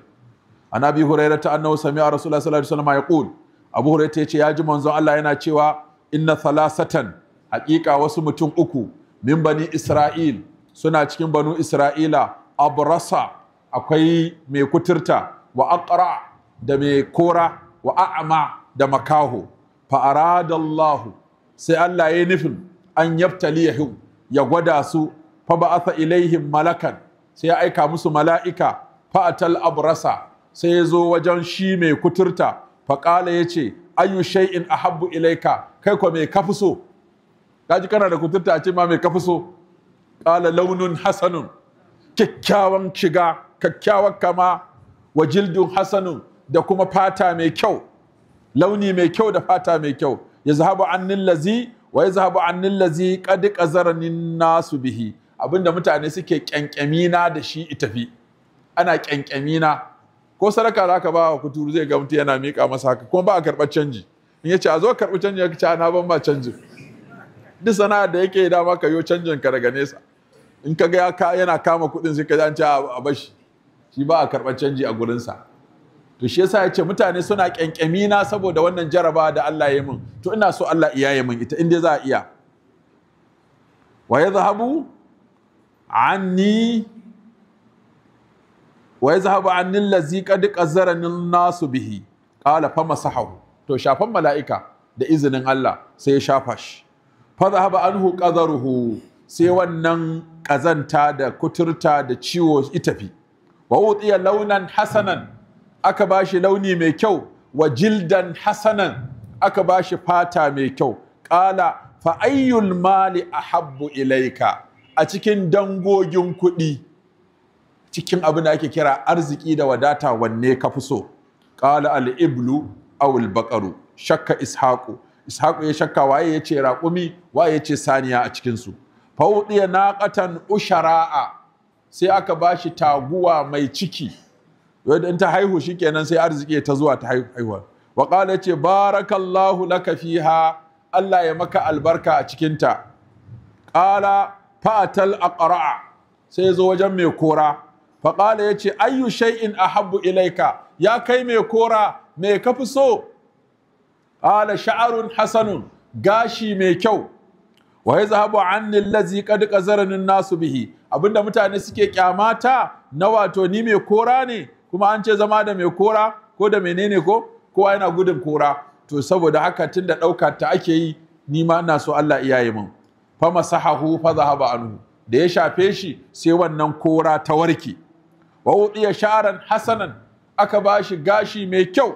an abi hurairah ta annahu sami'a rasulullah sallallahu alaihi wasallam yaqul abu ta yace ya ji manzon Allah yana cewa inna thalasatan haqiqa wasu mutum uku min bani isra'il suna cikin banu isra'ila abrasa akwai mai kuturta wa aqra da mai kora wa a'ma da makaho fa aradallahu sai Allah ya yi nufin an yaftali ya gwada su fa ba'atha ilaihim malakan sai ya aika musu mala'ika fa atal abrasa sai ya zo wajen shi mai kuturta fa ya yace ayu shay'in ahabbu ilaika kai ko mai kafi so kaji kana da kuturta a ce ma mai kafi so kala launun hasanun kyakkyawan shiga kyakkyawan kama wa jildun hasanun da kuma fata mai kyau launi mai kyau da fata mai kyau yazhabu annil lazi wa yazhabu annil lazi qad qazarani nasu bihi abinda mutane suke kyankyami na da shi itafi ana kyankyami na ko sadaka zaka ba wa kuturu zai ga mutum yana mika masa haka kuma ba a karɓar canji in ya ce a zo karɓi canji ya ce na ban ba canjin duk sana'ar da yake dama ka yo canjin ka daga nesa in ka ga yana kama kuɗin sai ka ji ce a bashi shi ba a karɓar canji a gurinsa to shi yasa yace mutane suna kyankyami na saboda wannan jaraba da Allah ya min to ina so Allah iya ya min ita inda za a iya wa yadhhabu anni wa yadhhabu anni allazi qad nasu bihi qala masahahu. to shafan mala'ika da izinin Allah sai ya shafa shi fa dhahaba anhu qadaruhu sai wannan kazanta da kuturta da ciwo ita fi. wa utiya launan hasanan aka ba shi launi mai kyau wa jildan hasanan aka ba shi fata mai kyau ƙala fa'ayyul mali a habbu ilaika a cikin dangogin kuɗi cikin abin da ake kira arziki da wadata wanne ka fi so ƙala al'iblu awul baƙaru shakka ishaku ishaku ya shakka waye ya ce raƙumi waye ya ce saniya a cikinsu fauɗiya naƙatan ushara'a sai aka ba shi taguwa mai ciki wadda in ta haihu shikenan sai arziki ta zuwa ta haihuwa wa qala ce barakallahu laka fiha Allah ya maka albarka a cikin ta qala fa'atal aqra sai zo wajen mai kora fa qala yace ayyu shay'in ahabbu ilaika ya kai mai kora me ka fi so qala sha'arun hasanun gashi mai kyau wa ya zahabu anni allazi qad qazarani nasu bihi abinda mutane suke kyamata na wato ni mai kora ne kuma an ce zama da mai kora ko da menene ko kowa yana gudun kora to saboda haka tun da ɗauka ta ake yi ni ma ina so Allah iyaye min fa masahahu fa zahaba anhu da ya shafe shi sai wannan kora ta warke wa udiya sha'ran hasanan aka ba shi gashi mai kyau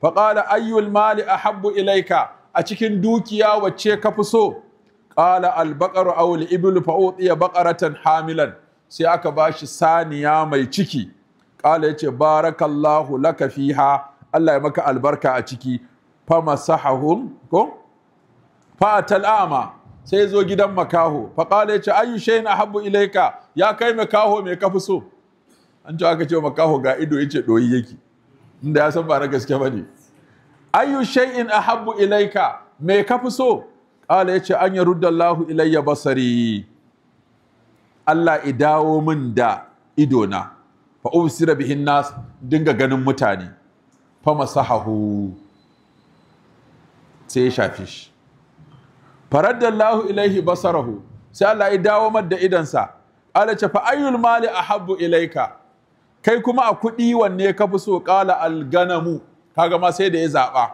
fa qala ayyul mali ahabbu ilayka a cikin dukiya wacce ka fi so qala al baqaru aw al iblu fa udiya baqaratan hamilan sai aka ba shi saniya mai ciki ya ce, barakallahu laka fiha Allah ya maka albarka a ciki masahahum ko fatal ama sai zo gidan makaho fa ya ce ayu shayna habu ilaika ya kai makaho me ka fi so an ce aka ce makaho ga ido yace doyi yake inda ya san ba na gaske bane ayu shay'in ahabbu ilayka me ka fi so qala yace an yarudda Allahu ilayya basari Allah idawo min da idona fa ubsira bihin nas dinga ganin mutane fa masahahu sai ya shafi shi faraddallahu ilaihi basarahu sai Allah ya dawo mar da idansa ala ce fa a mali ilaika kai kuma a kuɗi wanne ka fi so ƙala alganamu kaga ma sai da ya zaɓa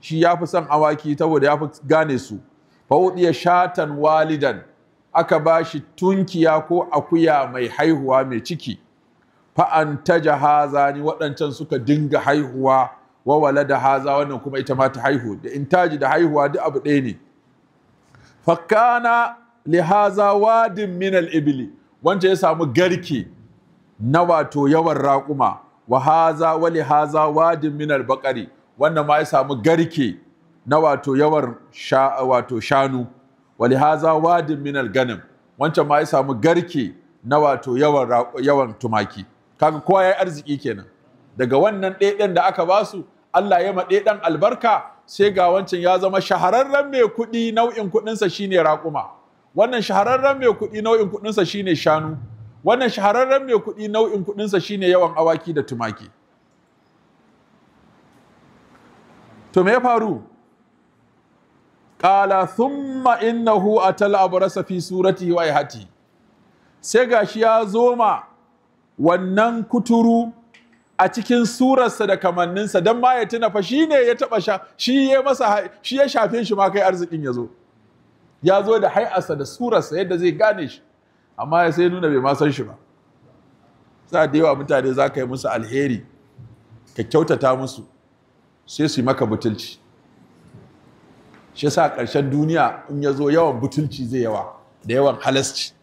shi ya fi son awaki saboda ya fi gane su fa shatan walidan aka ba shi tunkiya ko akuya mai haihuwa mai ciki fa'anta jahaza ni waɗancan suka dinga haihuwa wa wala da haza wannan kuma ita ma ta haihu da in taji da haihuwa duk abu ɗaya ne fakana haza wadin minal ibili wancan ya samu garke na wato yawan raƙuma wa haza wa haza wadin minal baƙari wannan ma ya samu garke na wato yawan wato shanu wa lihaza wadin minal ganin, wancan ma ya samu garke na wato yawan tumaki kaga kowa ya yi arziki kenan daga wannan ɗaiɗan da aka ba su, Allah ya maɗe ɗan albarka sai ga wancan ya zama shahararren mai kuɗi nau'in kuɗinsa shine raƙuma wannan shahararren mai kuɗi nau'in kuɗinsa shine shanu wannan shahararren mai kuɗi nau'in kuɗinsa shine yawan awaki da tumaki to me ya faru qala thumma innahu atal abrasa fi surati wa ihati sai gashi ya zoma wannan kuturu a cikin surarsa da kamanninsa don ma ya tuna fa shi ne ya taɓa sha shi ya masa shi ya shafe shi ma kai arzikin ya zo ya zo da hai'arsa da surarsa yadda zai gane shi amma ya sai nuna bai ma san shi ba sa da yawa mutane za ka yi musu alheri ka kyautata musu sai su yi maka butulci shi sa ƙarshen duniya in ya zo yawan butulci zai yawa da yawan halasci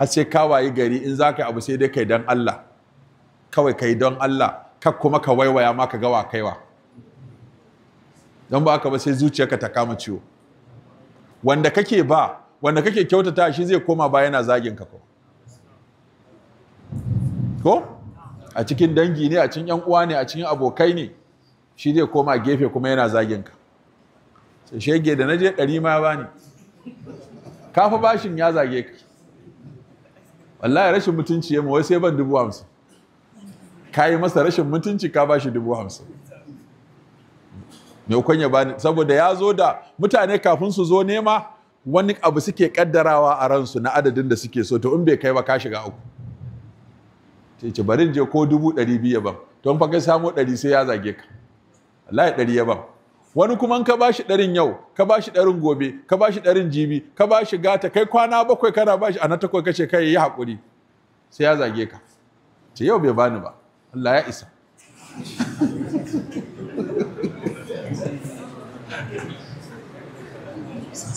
har sai ka wayi gari in za ka yi abu sai dai kai don Allah kawai kai don Allah kak kuma ka waiwaya ma ka gawa kaiwa don ba aka ba sai zuciyarka ta kama ciwo wanda kake ba wanda kake kyautata shi zai koma ba yana zagin ka ko ko a cikin dangi ne a cikin yan uwa ne a cikin abokai ne shi zai koma gefe kuma yana zagin ka sai shege da naje ɗari ma ya bani kafa bashin ya zage ka wallahi rashin mutunci ya wai sai ban dubu hamsin ka yi masa rashin mutunci ka ba shi dubu hamsin Me maimakon ya bani saboda ya zo da mutane kafin su zo nema wani abu suke kaddarawa a ransu na adadin da suke so to in bai kai ba ka shiga uku ce bari je ko dubu ɗari biyu ya ban don fa kai samo ɗari sai ya zage ka wallahi ɗari ya ban wani kuma ka bashi ɗarin yau ka bashi ɗarin gobe ka bashi ɗarin jibi ka bashi gata kai kwana bakwai kana bashi a na takwai kace kai yi haƙuri sai ya zage ka ce yau bai bani ba Allah ya isa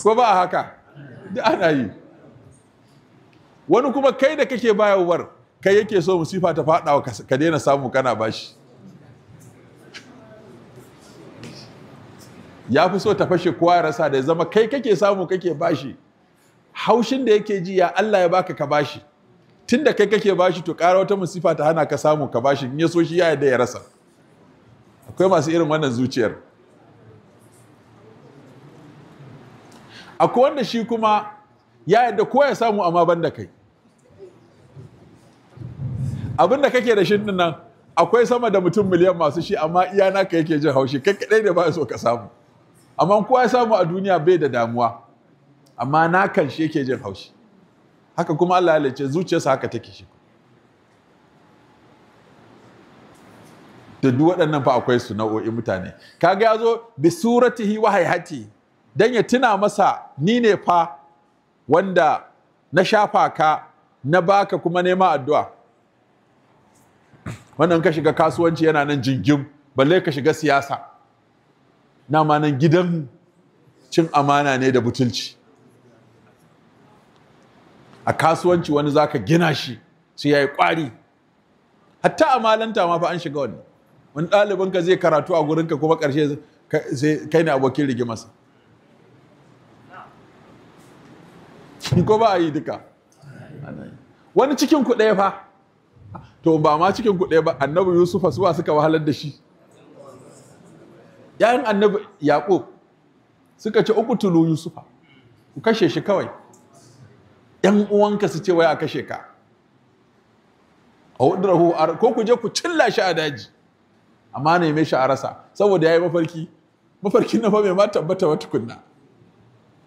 ko ba haka da ana yi wani kuma kai da kake bayarwar kai yake so musifa ta faɗawa ka daina samu kana bashi ya fi so ta fashe kowa rasa da zama kai kake samu kake bashi haushin da yake ji ya Allah ya baka ka bashi tunda kai kake bashi to ƙara wata musifa ta hana ka samu ka bashi in ya so shi ya yadda ya rasa akwai masu irin wannan zuciyar akwai wanda shi kuma ya yadda kowa ya samu amma ban da kai abin da kake da shi nan akwai sama da mutum miliyan masu shi amma iya naka yake jin haushi kai kadai da ba so ka samu amma kowa ya samu a duniya bai da damuwa amma na kan shi yake jin haushi haka kuma Allah ya ce zuciyarsa haka take shi da duk waɗannan fa akwai su nau'o'in mutane kaga yazo bi suratihi wa hayati dan ya tuna masa ni ne fa wanda na shafa ka na baka kuma nema addu'a wannan ka shiga kasuwanci yana nan jingim balle ka shiga siyasa Na manan gidan cin amana ne da butulci a kasuwanci wani za ka gina shi su yayi kwari hatta a malanta ma fa an shiga wani. wani ɗalibin ka zai karatu a gurinka kuma ƙarshe sai kai ne abokin rigimarsa ko ba a yi duka wani cikin ku ɗaya fa to ba ma cikin ku ɗaya ba annabi yusufa suwa suka wahalar da shi ‘ya'yan annabi Yaƙo suka ce uku tulu Yusufa, ku kashe shi kawai, ‘yan uwanka su ce wai a kashe ka, a hudu ko ku je ku cilla shi a daji, amma na yi shi a rasa, saboda ya yi mafarki, mafarki na mai ma tabbata wa tukunna.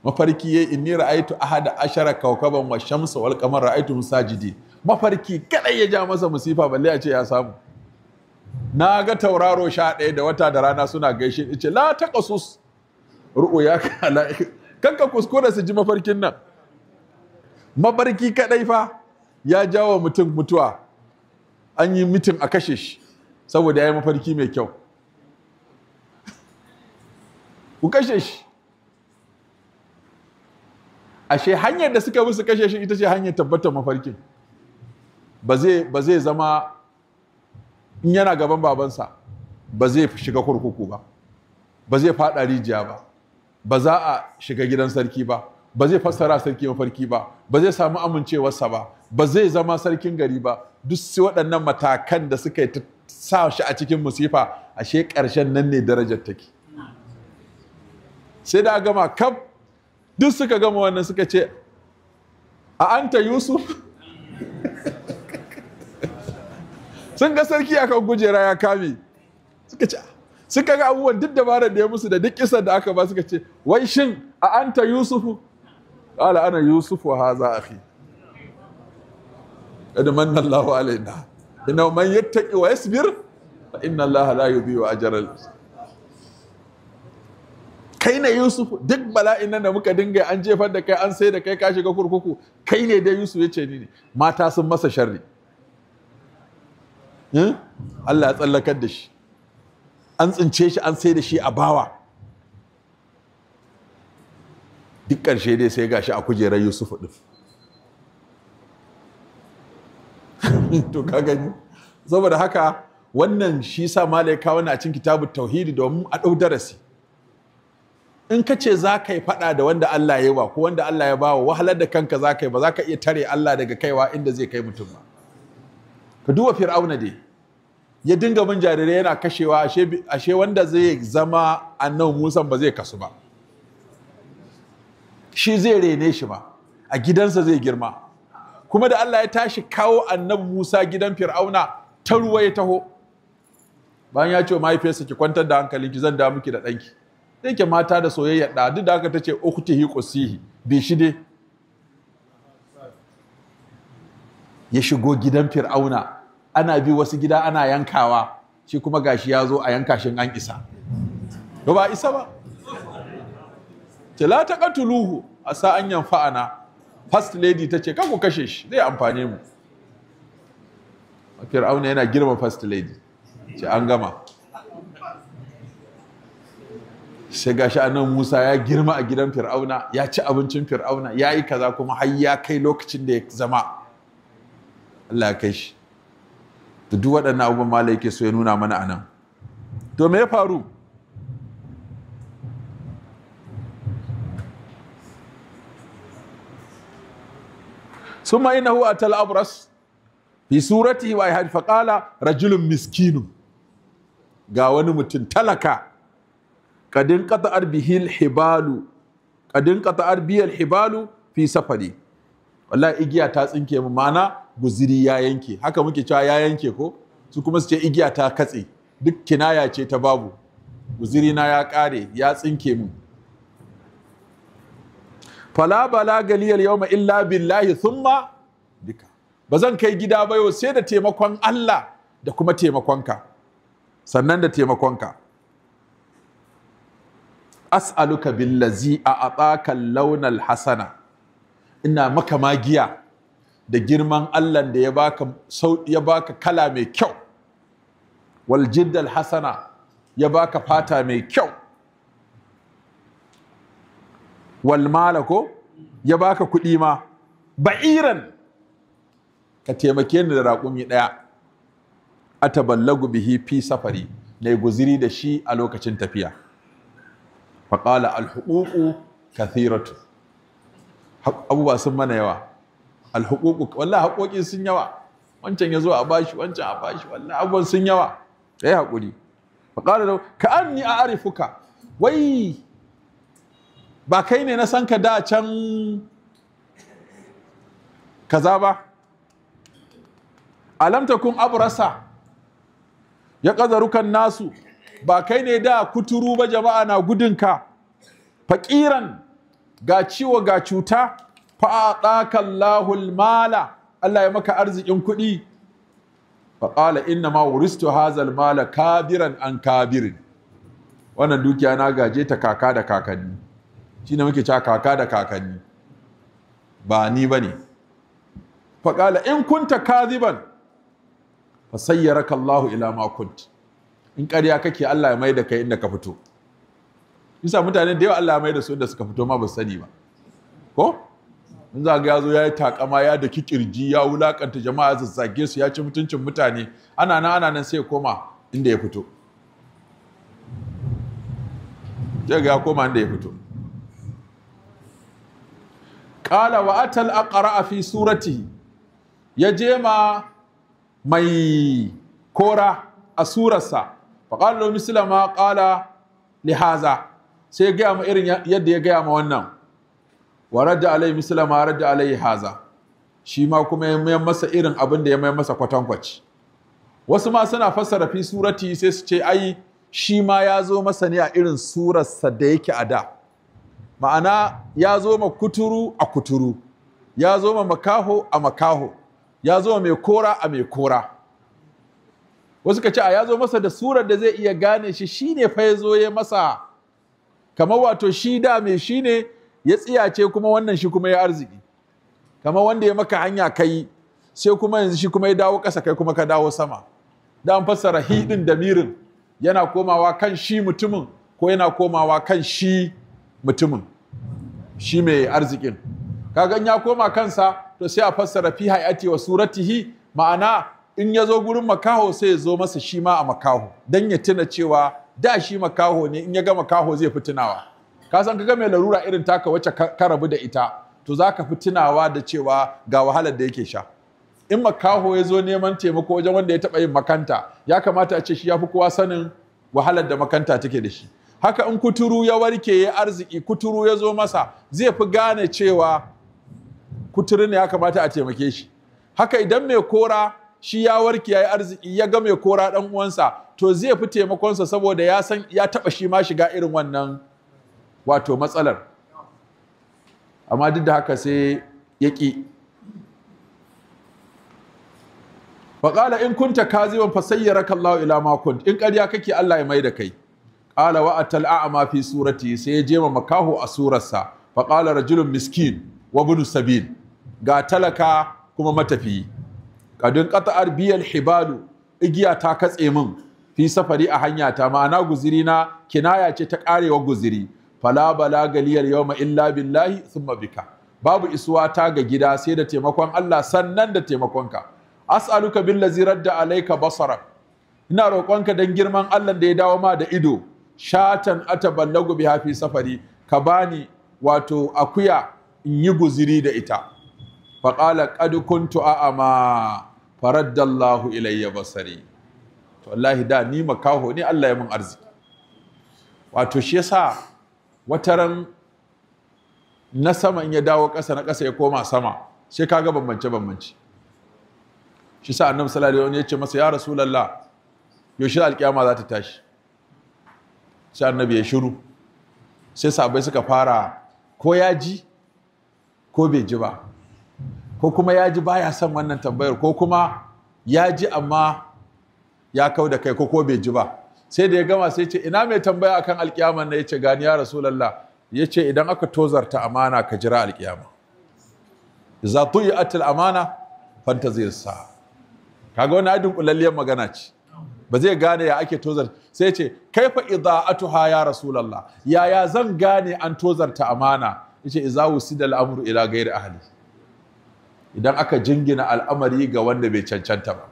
Mafarki ya inni ra'aitu ahada ashara kaukaban wa shamsa wal kamar ra'aitu musajidi. Mafarki kadai ya ja masa musifa balle a ce ya samu. na ga tauraro sha ɗaya da wata da rana suna gaishe ce la ta kasus ru'u ya kala kanka kuskure su ji mafarkin nan Mabarki kadai fa ya jawo mutum mutuwa an yi mitin a kashe shi saboda ya yi mafarki mai kyau ku kashe shi ashe hanyar da suka bi su kashe shi ita ce hanyar tabbatar mafarkin ba zai zama in yana gaban babansa ba zai shiga kurkuku ba ba zai fada rijiya ba ba za a shiga gidan sarki ba ba zai fassara sarki mafarki ba ba zai samu amincewarsa ba ba zai zama sarkin gari ba duk su waɗannan matakan da suka yi sa shi a cikin musifa a shi ƙarshen nan ne darajar take sai da gama kaf duk suka gama wannan suka ce a anta yusuf sun ga sarki akan gujera ya kame suka ce suka ga abubuwan duk dabarar da ya musu da duk kisan da aka ba suka ce wai shin a anta yusufu ala ana yusufu haza akhi kad manna Allahu alaina ina man yattaqi wa yasbir fa inna Allaha la a ajral kai ne Yusufu? duk bala'in nan da muka dinga an jefar da kai an sai da kai ka shiga kurkuku kai ne dai Yusufu ya ce ni ne mata sun masa sharri Allah ya tsallakar da shi an tsince shi an sai da shi a bawa duk ƙarshe dai sai gashi a kujerar yusuf ɗin to ka gani saboda haka wannan shi sa malaika wani a cikin kitabu tauhidi domin a ɗau darasi in ka ce za ka yi faɗa da wanda Allah ya yi wa ko wanda Allah ya bawa wahalar da kanka za ka yi ba za ka iya tare Allah daga kaiwa inda zai kai mutum ba ka duba fir'auna dai ya dinga bin jarirai yana kashewa ashe wanda zai zama annan Musa ba zai kasu ba shi zai rene shi ba a gidansa zai girma kuma da Allah ya tashi kawo annabi Musa gidan fir'auna ta ruwa ya taho bayan ya ce wa mahaifiyarsa ki kwantar da ki zan da miki da ɗanki Yanke mata da soyayya da duk da haka ta ce uktihi qusihi bi shi dai ya shigo gidan fir'auna ana bi wasu gida ana yankawa shi kuma gashi ya zo a yanka shi an isa to ba isa ba tilata la a asa an fa'ana, first lady ta ce ku kashe shi zai amfane mu fir'auna yana girma first lady ce an gama sai gashi anan Musa ya girma a gidan Fir'auna ya ci abincin Fir'auna ya yi kaza kuma har ya kai lokacin da ya zama Allah ya kai shi da duk waɗannan abubuwan mala yake so ya nuna mana a nan to me ya faru sun ma ina huwa fi surati wa ya faƙala rajulun miskinu ga wani mutum talaka kadin kata arbihil hibalu kadin hibalu fi safari wallahi igiya ta tsinke mu mana, guziri ya yanke haka muke cewa ya yanke ko su kuma su ce igiya ta katse duk kinaya ce ta babu guziri na ya kare ya tsinke mu fala bala galiyal yawma illa billahi thumma bika bazan kai gida ba yau sai da taimakon Allah da kuma taimakonka sannan da taimakonka as'aluka billazi a launal hasana ina maka giya da girman Allah da ya baka ya baka kala mai kyau wal jiddal hasana ya baka fata mai kyau wal malako ya baka kuɗi ma ba'iran ka taimake ni da raƙumi ɗaya ataballagu bihi fi safari na guziri da shi a lokacin tafiya faƙala al-huququ kathiratu abubuwa sun mana yawa alhukuku wallahi haƙoƙi sun yawa wancan ya zo a bashi wancan a bashi wallahi abubuwan sun yawa yayi haƙuri fa qala lahu ka anni a'rifuka wai ba kai ne na san ka da can kaza ba alam takun abrasa ya qadarukan nasu ba kai ne da kuturu ba jama'a na gudunka faqiran ga ciwo ga cuta fa'adaka Allahul mala Allah ya maka arzikin kuɗi ƙala inna ma wuristu hazal mala kabiran an kabirin wannan dukiya na gaje ta kaka da kakanni shi ne muke cewa kaka da kakanni ba ni ba ne ƙala in kunta kaziban fasayyaraka Allahu ila ma in ƙarya kake Allah ya mai da kai inda ka fito isa mutane da yawa Allah mai da su da suka fito ma ba sani ba ko in za ga yazo yayi takama ya da kikirji ya wulakanta jama'a zazzage su ya ci mutuncin mutane ana nan ana nan sai koma inda ya fito sai ga ya koma inda ya fito qala wa atal aqra fi surati ya je mai kora a surarsa faƙalar misalama ƙala lihaza sai ya gaya ma irin yadda ya gaya ma wannan wa radda alai misla ma radda alai haza shi ma kuma ya mayar masa irin abin da ya mayar masa kwatankwaci wasu ma suna fassara fi surati sai su ce ai shi ma ya zo masa ne a irin surarsa da yake a da ma'ana ya zo ma kuturu a kuturu ya zo ma makaho a makaho ya zo mai kora a mai kora wasu ka ce a ya zo masa da surar da zai iya gane shi shine fa ya zo ya masa kamar wato shi da mai shi ne ya tsiyace kuma wannan shi kuma ya arziki kamar wanda ya maka hanya kai sai kuma yanzu shi kuma ya dawo ƙasa kai kuma ka dawo sama da an fassara hidin da mirin yana komawa kan shi mutumin ko yana komawa kan shi mutumin shi mai arzikin kagan ya koma kansa to sai a fassara fi hayati wa suratihi ma'ana in ya zo gurin makaho sai ya zo masa shi ma a makaho don ya tuna cewa da shi makaho ne in ya ga makaho zai fi ka san kaga mai larura irin taka wacce ka rabu da ita to za ka fi da cewa ga wahalar da yake sha in makaho ya zo neman taimako wajen wanda ya taɓa yin makanta ya kamata a ce shi ya fi kowa sanin wahalar da makanta take da shi haka in kuturu ya warke ya arziki kuturu ya zo masa zai fi gane cewa kuturu ne ya kamata a taimake shi haka idan mai kora shi ya warke ya yi arziki ya game mai kora dan uwansa to zai fi taimakonsa saboda ya san ya taba shi ma shiga irin wannan wato matsalar amma duk da haka sai ya ƙi faƙala in kunta kaziban fa sayyaraka Allah ila ma kunt in ƙarya kake Allah ya mai da kai qala wa atal a'ama fi surati sai ya jema makaho a surarsa faƙala rajulun miskin wa bunu sabil ga talaka kuma matafiyi kadin qata'ar biyal hibalu igiya ta katse min fi safari a hanya ta ma'ana guziri na kinaya ce ta karewa guziri fala bala galiyar yawma illa billahi thumma bika babu isuwa ta ga gida sai da taimakon Allah sannan da taimakonka as'aluka billazi radda alayka basara ina roƙonka dan girman Allah da ya dawo ma da ido shatan ataballagu biha fi safari ka bani wato akuya in yi guziri da ita faƙala ƙad kuntu a'ama faraddallahu ilayya basari to wallahi da ni makaho ne Allah ya mun arziki wato shi yasa wataran na sama in ya dawo kasa na ƙasa ya koma sama sai kaga bambance bambance shi sa annabi sallallahu alaihi wasallam ya ce masa ya rasulullah yaushe alkiyama za ta tashi sai annabi ya shiru sai sabai suka fara ko yaji ko bai ji ba ko kuma ya ji baya son wannan tambayar ko kuma ya ji amma ya kau da kai ko ko bai ji ba sai da ya gama sai ce ina mai tambaya akan alkiyama na ya ce gani ya lalla. ya ce idan aka tozarta amana ka jira alkiyama za tu yi atil amana fanta zai sa kaga wani adin kulalliyar magana ce ba zai gane ya ake tozarta sai ce kai kaifa idza'atuha ya ya yaya zan gane an tozarta amana yace idza wusida al ila ghairi ahli idan aka jingina al'amari ga wanda bai cancanta ba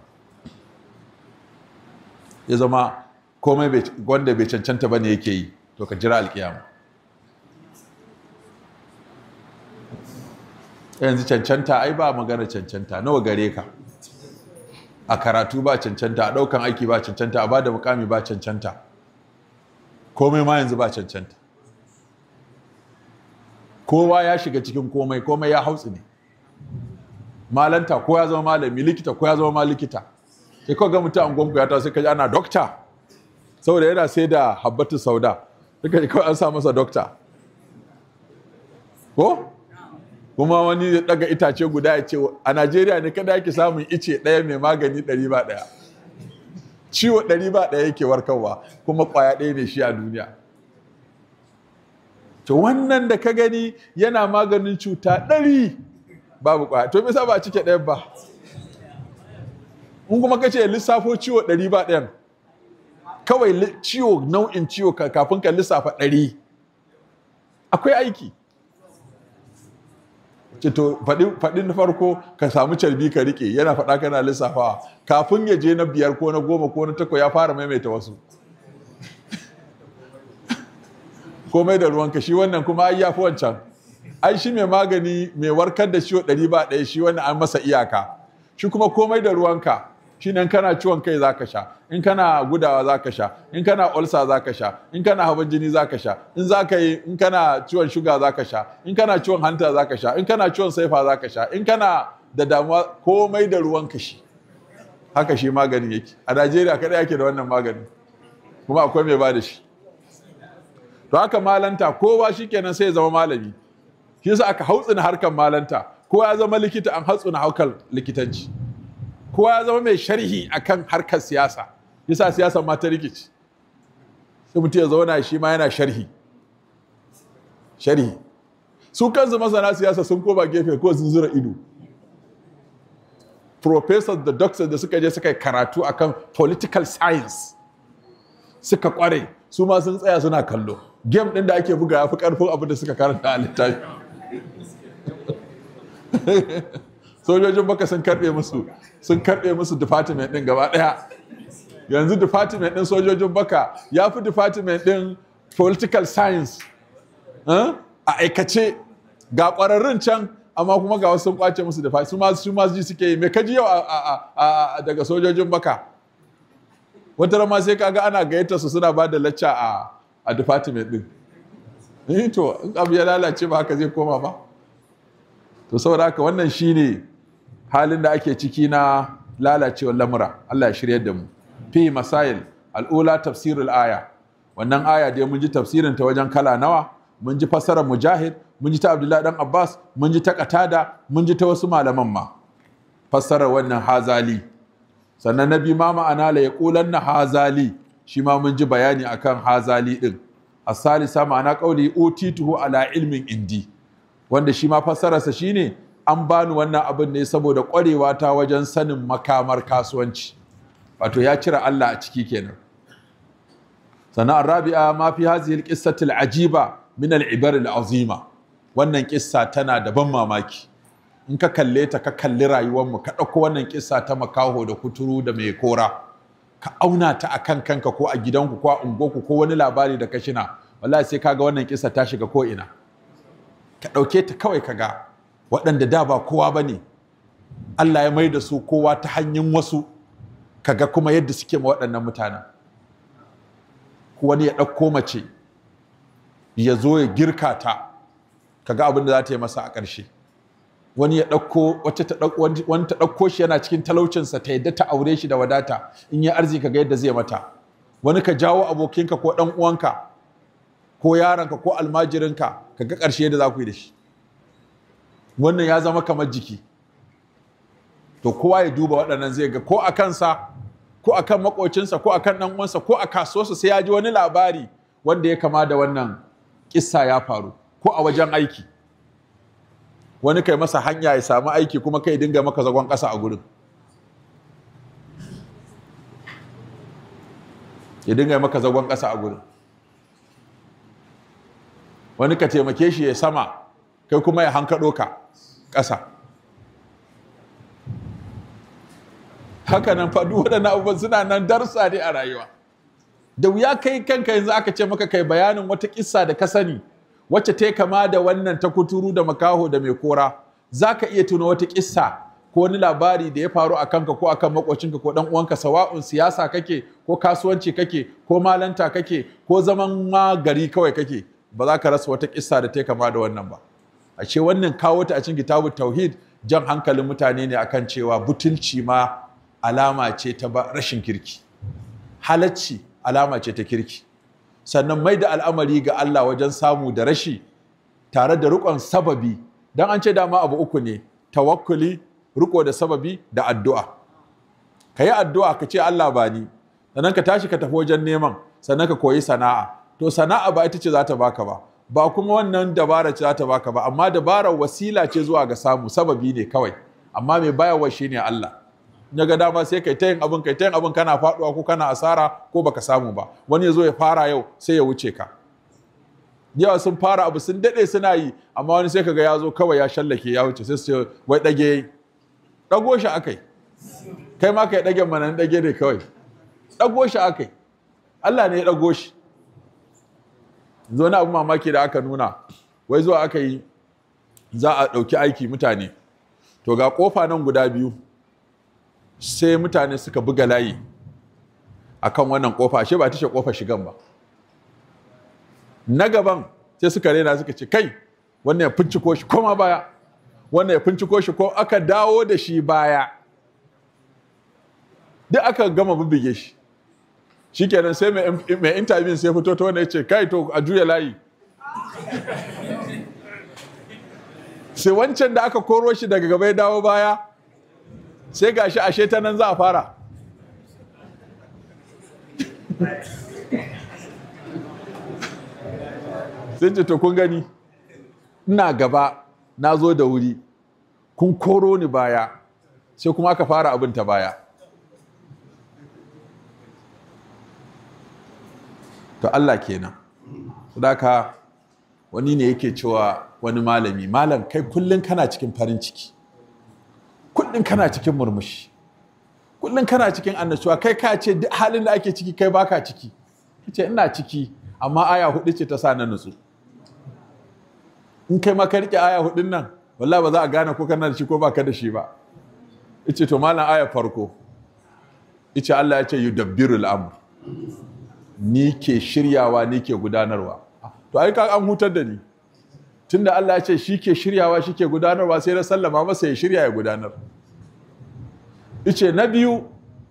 ya zama komai wanda bai cancanta ba ne yake yi to ka jira alkiyama yanzu cancanta ai ba magana cancanta nawa gare ka a karatu ba cancanta a ɗaukan aiki ba cancanta a bada mukami ba cancanta komai ma yanzu ba cancanta kowa ya shiga cikin komai komai ya hautsu ne malanta ko ya zama malami likita ko ya zama ma likita sai kawai ga mutum an ya ta sai kaji ana dokta saboda yana sai da habbatu sauda sai kaji kawai an sa masa dokta ko kuma wani daga itace guda ya ce a najeriya ne kada yake samun ice ɗaya mai magani ɗari ba ɗaya ciwo ɗari ba ɗaya yake warkarwa kuma ƙwaya ɗaya ne shi a duniya to wannan da ka gani yana maganin cuta ɗari babu kwaya to bisa ba a cike ɗaya ba Mun kuma kace lissafo ciwo ɗari ba ɗayan kawai ciwo nau'in ciwo kafin ka lissafa ɗari akwai aiki to faɗi na farko ka samu carbi ka rike yana faɗa kana lissafawa kafin ya je na biyar ko na goma ko na takwa ya fara maimaita wasu komai da ruwanka shi wannan kuma ai ya wancan ai shi mai magani mai warkar da ciwo ɗari ba ɗaya shi wani an masa iyaka shi kuma komai da ruwanka shi in kana ciwon kai za ka sha in kana gudawa za ka sha in kana olsa za ka sha in kana hawan jini za ka sha in za ka yi in kana ciwon shuga za ka sha in kana ciwon hanta za ka sha in kana ciwon saifa za ka sha in kana da damuwa komai da ruwanka shi haka shi magani yake a najeriya kaɗai ake da wannan magani kuma akwai mai ba da shi to haka malanta kowa shikenan sai ya zama malami shi yasa aka hautsina harkar malanta kowa ya zama likita an hautsina harkar likitanci kowa ya zama mai sharhi akan harkar siyasa yasa siyasa ma ta rikici sai mutum ya zauna shi ma yana sharhi sharhi su kansu masana siyasa sun koma gefe ko sun zura ido professors da doctors da suka je suka yi karatu akan political science suka kware su ma sun tsaya suna kallo game din da ake buga ya fi karfin abin da suka karanta a littafi sojojin baka sun karbe musu sun karbe musu department din gaba daya yanzu department din sojojin baka ya fi department ɗin political science a aikace ga ƙwararrun can amma kuma ga wasu sun kwace musu da su ma su ji suke yi me kaji yau daga sojojin baka wata rama sai kaga ana gayyata su suna ba da lacca a department ɗin. eh to in abu ya lalace ba haka zai koma ba to saboda haka wannan shine halin da ake ciki na lalacewar lamura Allah ya shirya da mu fi masail al'ula tafsirul aya wannan aya dai mun ji tafsirin ta wajen kala nawa mun ji fassarar mujahid mun ji ta abdullahi dan abbas mun ji ta katada mun ji ta wasu malaman ma fassarar wannan hazali sannan nabi ma ma'ana la yaqulanna hazali shi ma mun ji bayani akan hazali din A salisa ma'ana qauli utituhu ala ilmin indi wanda shi ma fassararsa shine an bani wannan abin ne saboda ƙwarewa ta wajen sanin makamar kasuwanci wato ya cire Allah a ciki kenan Sana'ar rabi'a ma fi hazihil alqissati ajiba min al alazima wannan kissa tana da ban mamaki in ka kalle ta ka kalli rayuwar mu ka ɗauko wannan kissa ta makaho da kuturu da mai kora ka auna ta a kan kanka ko a gidanku ko a unguwarku ko wani labari da ka shina wallahi sai kaga wannan kisa ta shiga ko ina ka ɗauke ta kawai ka ga waɗanda da ba kowa ba ne Allah ya mai da su kowa ta hanyar wasu ka ga kuma yadda suke ma waɗannan mutanen wani ya ɗauko mace ya zo ya girka ta ka ga abin da za ta yi masa a ƙarshe wani ya ɗauko wacce ta wani ta ɗauko shi yana cikin talaucinsa ta yadda ta aure shi da wadata in ya arziki ka ga yadda zai mata wani ka jawo abokinka ko ɗan uwanka ko yaranka ko almajirinka kaga ga ƙarshe da za ku yi da shi wannan ya zama kamar jiki to kowa ya duba waɗannan zai ga ko a kansa ko a kan maƙocinsa ko a kan ɗan uwansa ko a kasuwarsa sai ya ji wani labari wanda ya kama da wannan kissa ya faru ko a wajen aiki wani kai masa hanya ya samu aiki kuma kai dinga maka zagon ƙasa a gurin ya dinga maka zagon ƙasa a gurin wani ka taimake shi ya sama kai kuma ya hankaɗo ka ƙasa haka nan faɗi waɗannan abubuwan suna nan darsa ne a rayuwa da wuya kai kanka yanzu aka ce maka kai bayanin wata ƙissa da ka sani wacce ta kama da wannan ta kuturu da makaho da mai kora za ka iya tuna wata kisa ko wani labari da ya faru a kanka ko akan makwacinka ko dan uwanka sawa'un siyasa kake ko kasuwanci kake ko malanta kake ko zaman ma gari kawai kake ba za ka rasa wata kisa da ta kama da wannan ba A ce wannan kawo ta a cikin kitabu tauhid jan hankalin mutane ne akan cewa butulci ma alama ce ta rashin kirki halacci alama ce ta kirki sannan mai da al'amari ga Allah wajen samu da rashi tare da rikon sababi Don an ce dama abu uku ne tawakkuli riko da sababi da addu'a ka yi addu'a ka ce Allah ba ni sannan ka tashi ka tafi wajen neman sannan ka koyi sana'a to sana'a ba ita ce za ta baka ba ba kuma wannan dabara ce za ta baka ba amma dabarar wasila ce zuwa ga samu sababi ne kawai amma mai shi ne Allah ya ga dama sai kai ta yin abin kai ta yin abin kana faduwa ko kana asara ko baka samu ba wani ya zo ya fara yau sai ya wuce ka yawa sun fara abu sun dade suna yi amma wani sai kaga ya zo kawai ya shallake ya wuce sai su ce wai dage dago shi akai kai ma kai dage mana dage ne kawai dago shi akai Allah ne ya dago shi zo na abu mamaki da aka nuna wai zuwa aka yi za a ɗauki aiki mutane to ga kofa nan guda biyu sai mutane suka buga layi a kan wannan kofa ashe ba ta tashi kofa shigan ba na gaban sai suka rena suka ce kai wannan ya finciko shi koma baya wannan ya finciko shi ko aka dawo da shi baya duk aka gama bubbuge shi shikenan sai mai intervene sai fito ta wanda ya ce kai to a juya layi sai wancan da aka koro shi daga gaba ya dawo baya sai ga shi ashe ta nan za a fara sun ce kun gani ina gaba na zo da wuri kun koro ni baya sai kuma aka fara abin ta baya to Allah kenan haka wani ne yake cewa wani malami malam kai kullum kana cikin farin ciki kullum kana cikin murmushi kullum kana cikin annashuwa kai ka ce halin da ake ciki kai baka ciki ce ina ciki amma aya hudu ce ta sa na nutsu in kai ka rike aya hudun nan wallahi ba za a gane ko kana da shi ko baka da shi ba ice to malam aya farko ice Allah ya ce yudabbirul amr ni ke shiryawa ni ke gudanarwa to ai ka an hutar da ni tunda Allah ya ce shi ke shiryawa shi ke gudanarwa sai na sallama masa ya shirya ya gudanar ice na biyu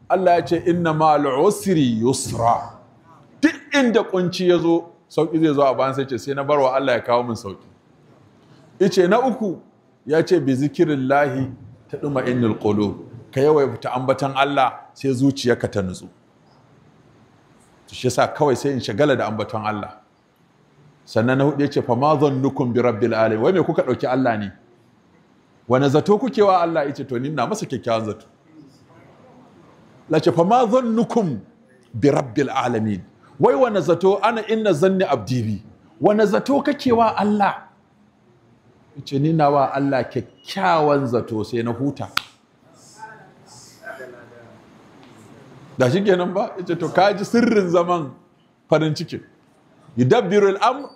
Allah ya ce inna ma'al usri yusra duk inda kunci ya zo sauki zai zo a bayan sai ce sai na barwa Allah ya kawo min sauƙi. ice na uku ya ce bi zikirin lahi ta ɗuma innul ƙolo ka ta ambatan Allah sai ka ta nutsu shi sa kawai sai in shagala da ambaton Allah sannan na hudu ya ce fa ma nukun bi rabbil alamin wai me kuka dauki Allah ne wani zato kuke wa Allah yace to ni na masa kyakkyawan zato la ce fa ma nukun bi rabbil alamin wai wani zato ana inna zanni abdi bi wani zato kake wa Allah yace ni na wa Allah kyakkyawan zato sai na huta da shi kenan ba yace to kaji sirrin zaman farin cikin Yi al-amr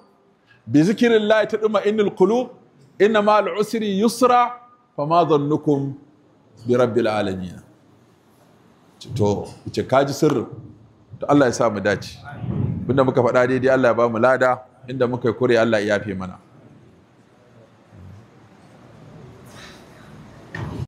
bi zikrillah tatma'innul qulub inna ma al-usri yusra fama dhannukum bi rabbil alamin to ce kaji sirrin to Allah ya sa mu dace inda muka faɗa daidai Allah ya ba mu lada inda muka yi Allah ya yafe mana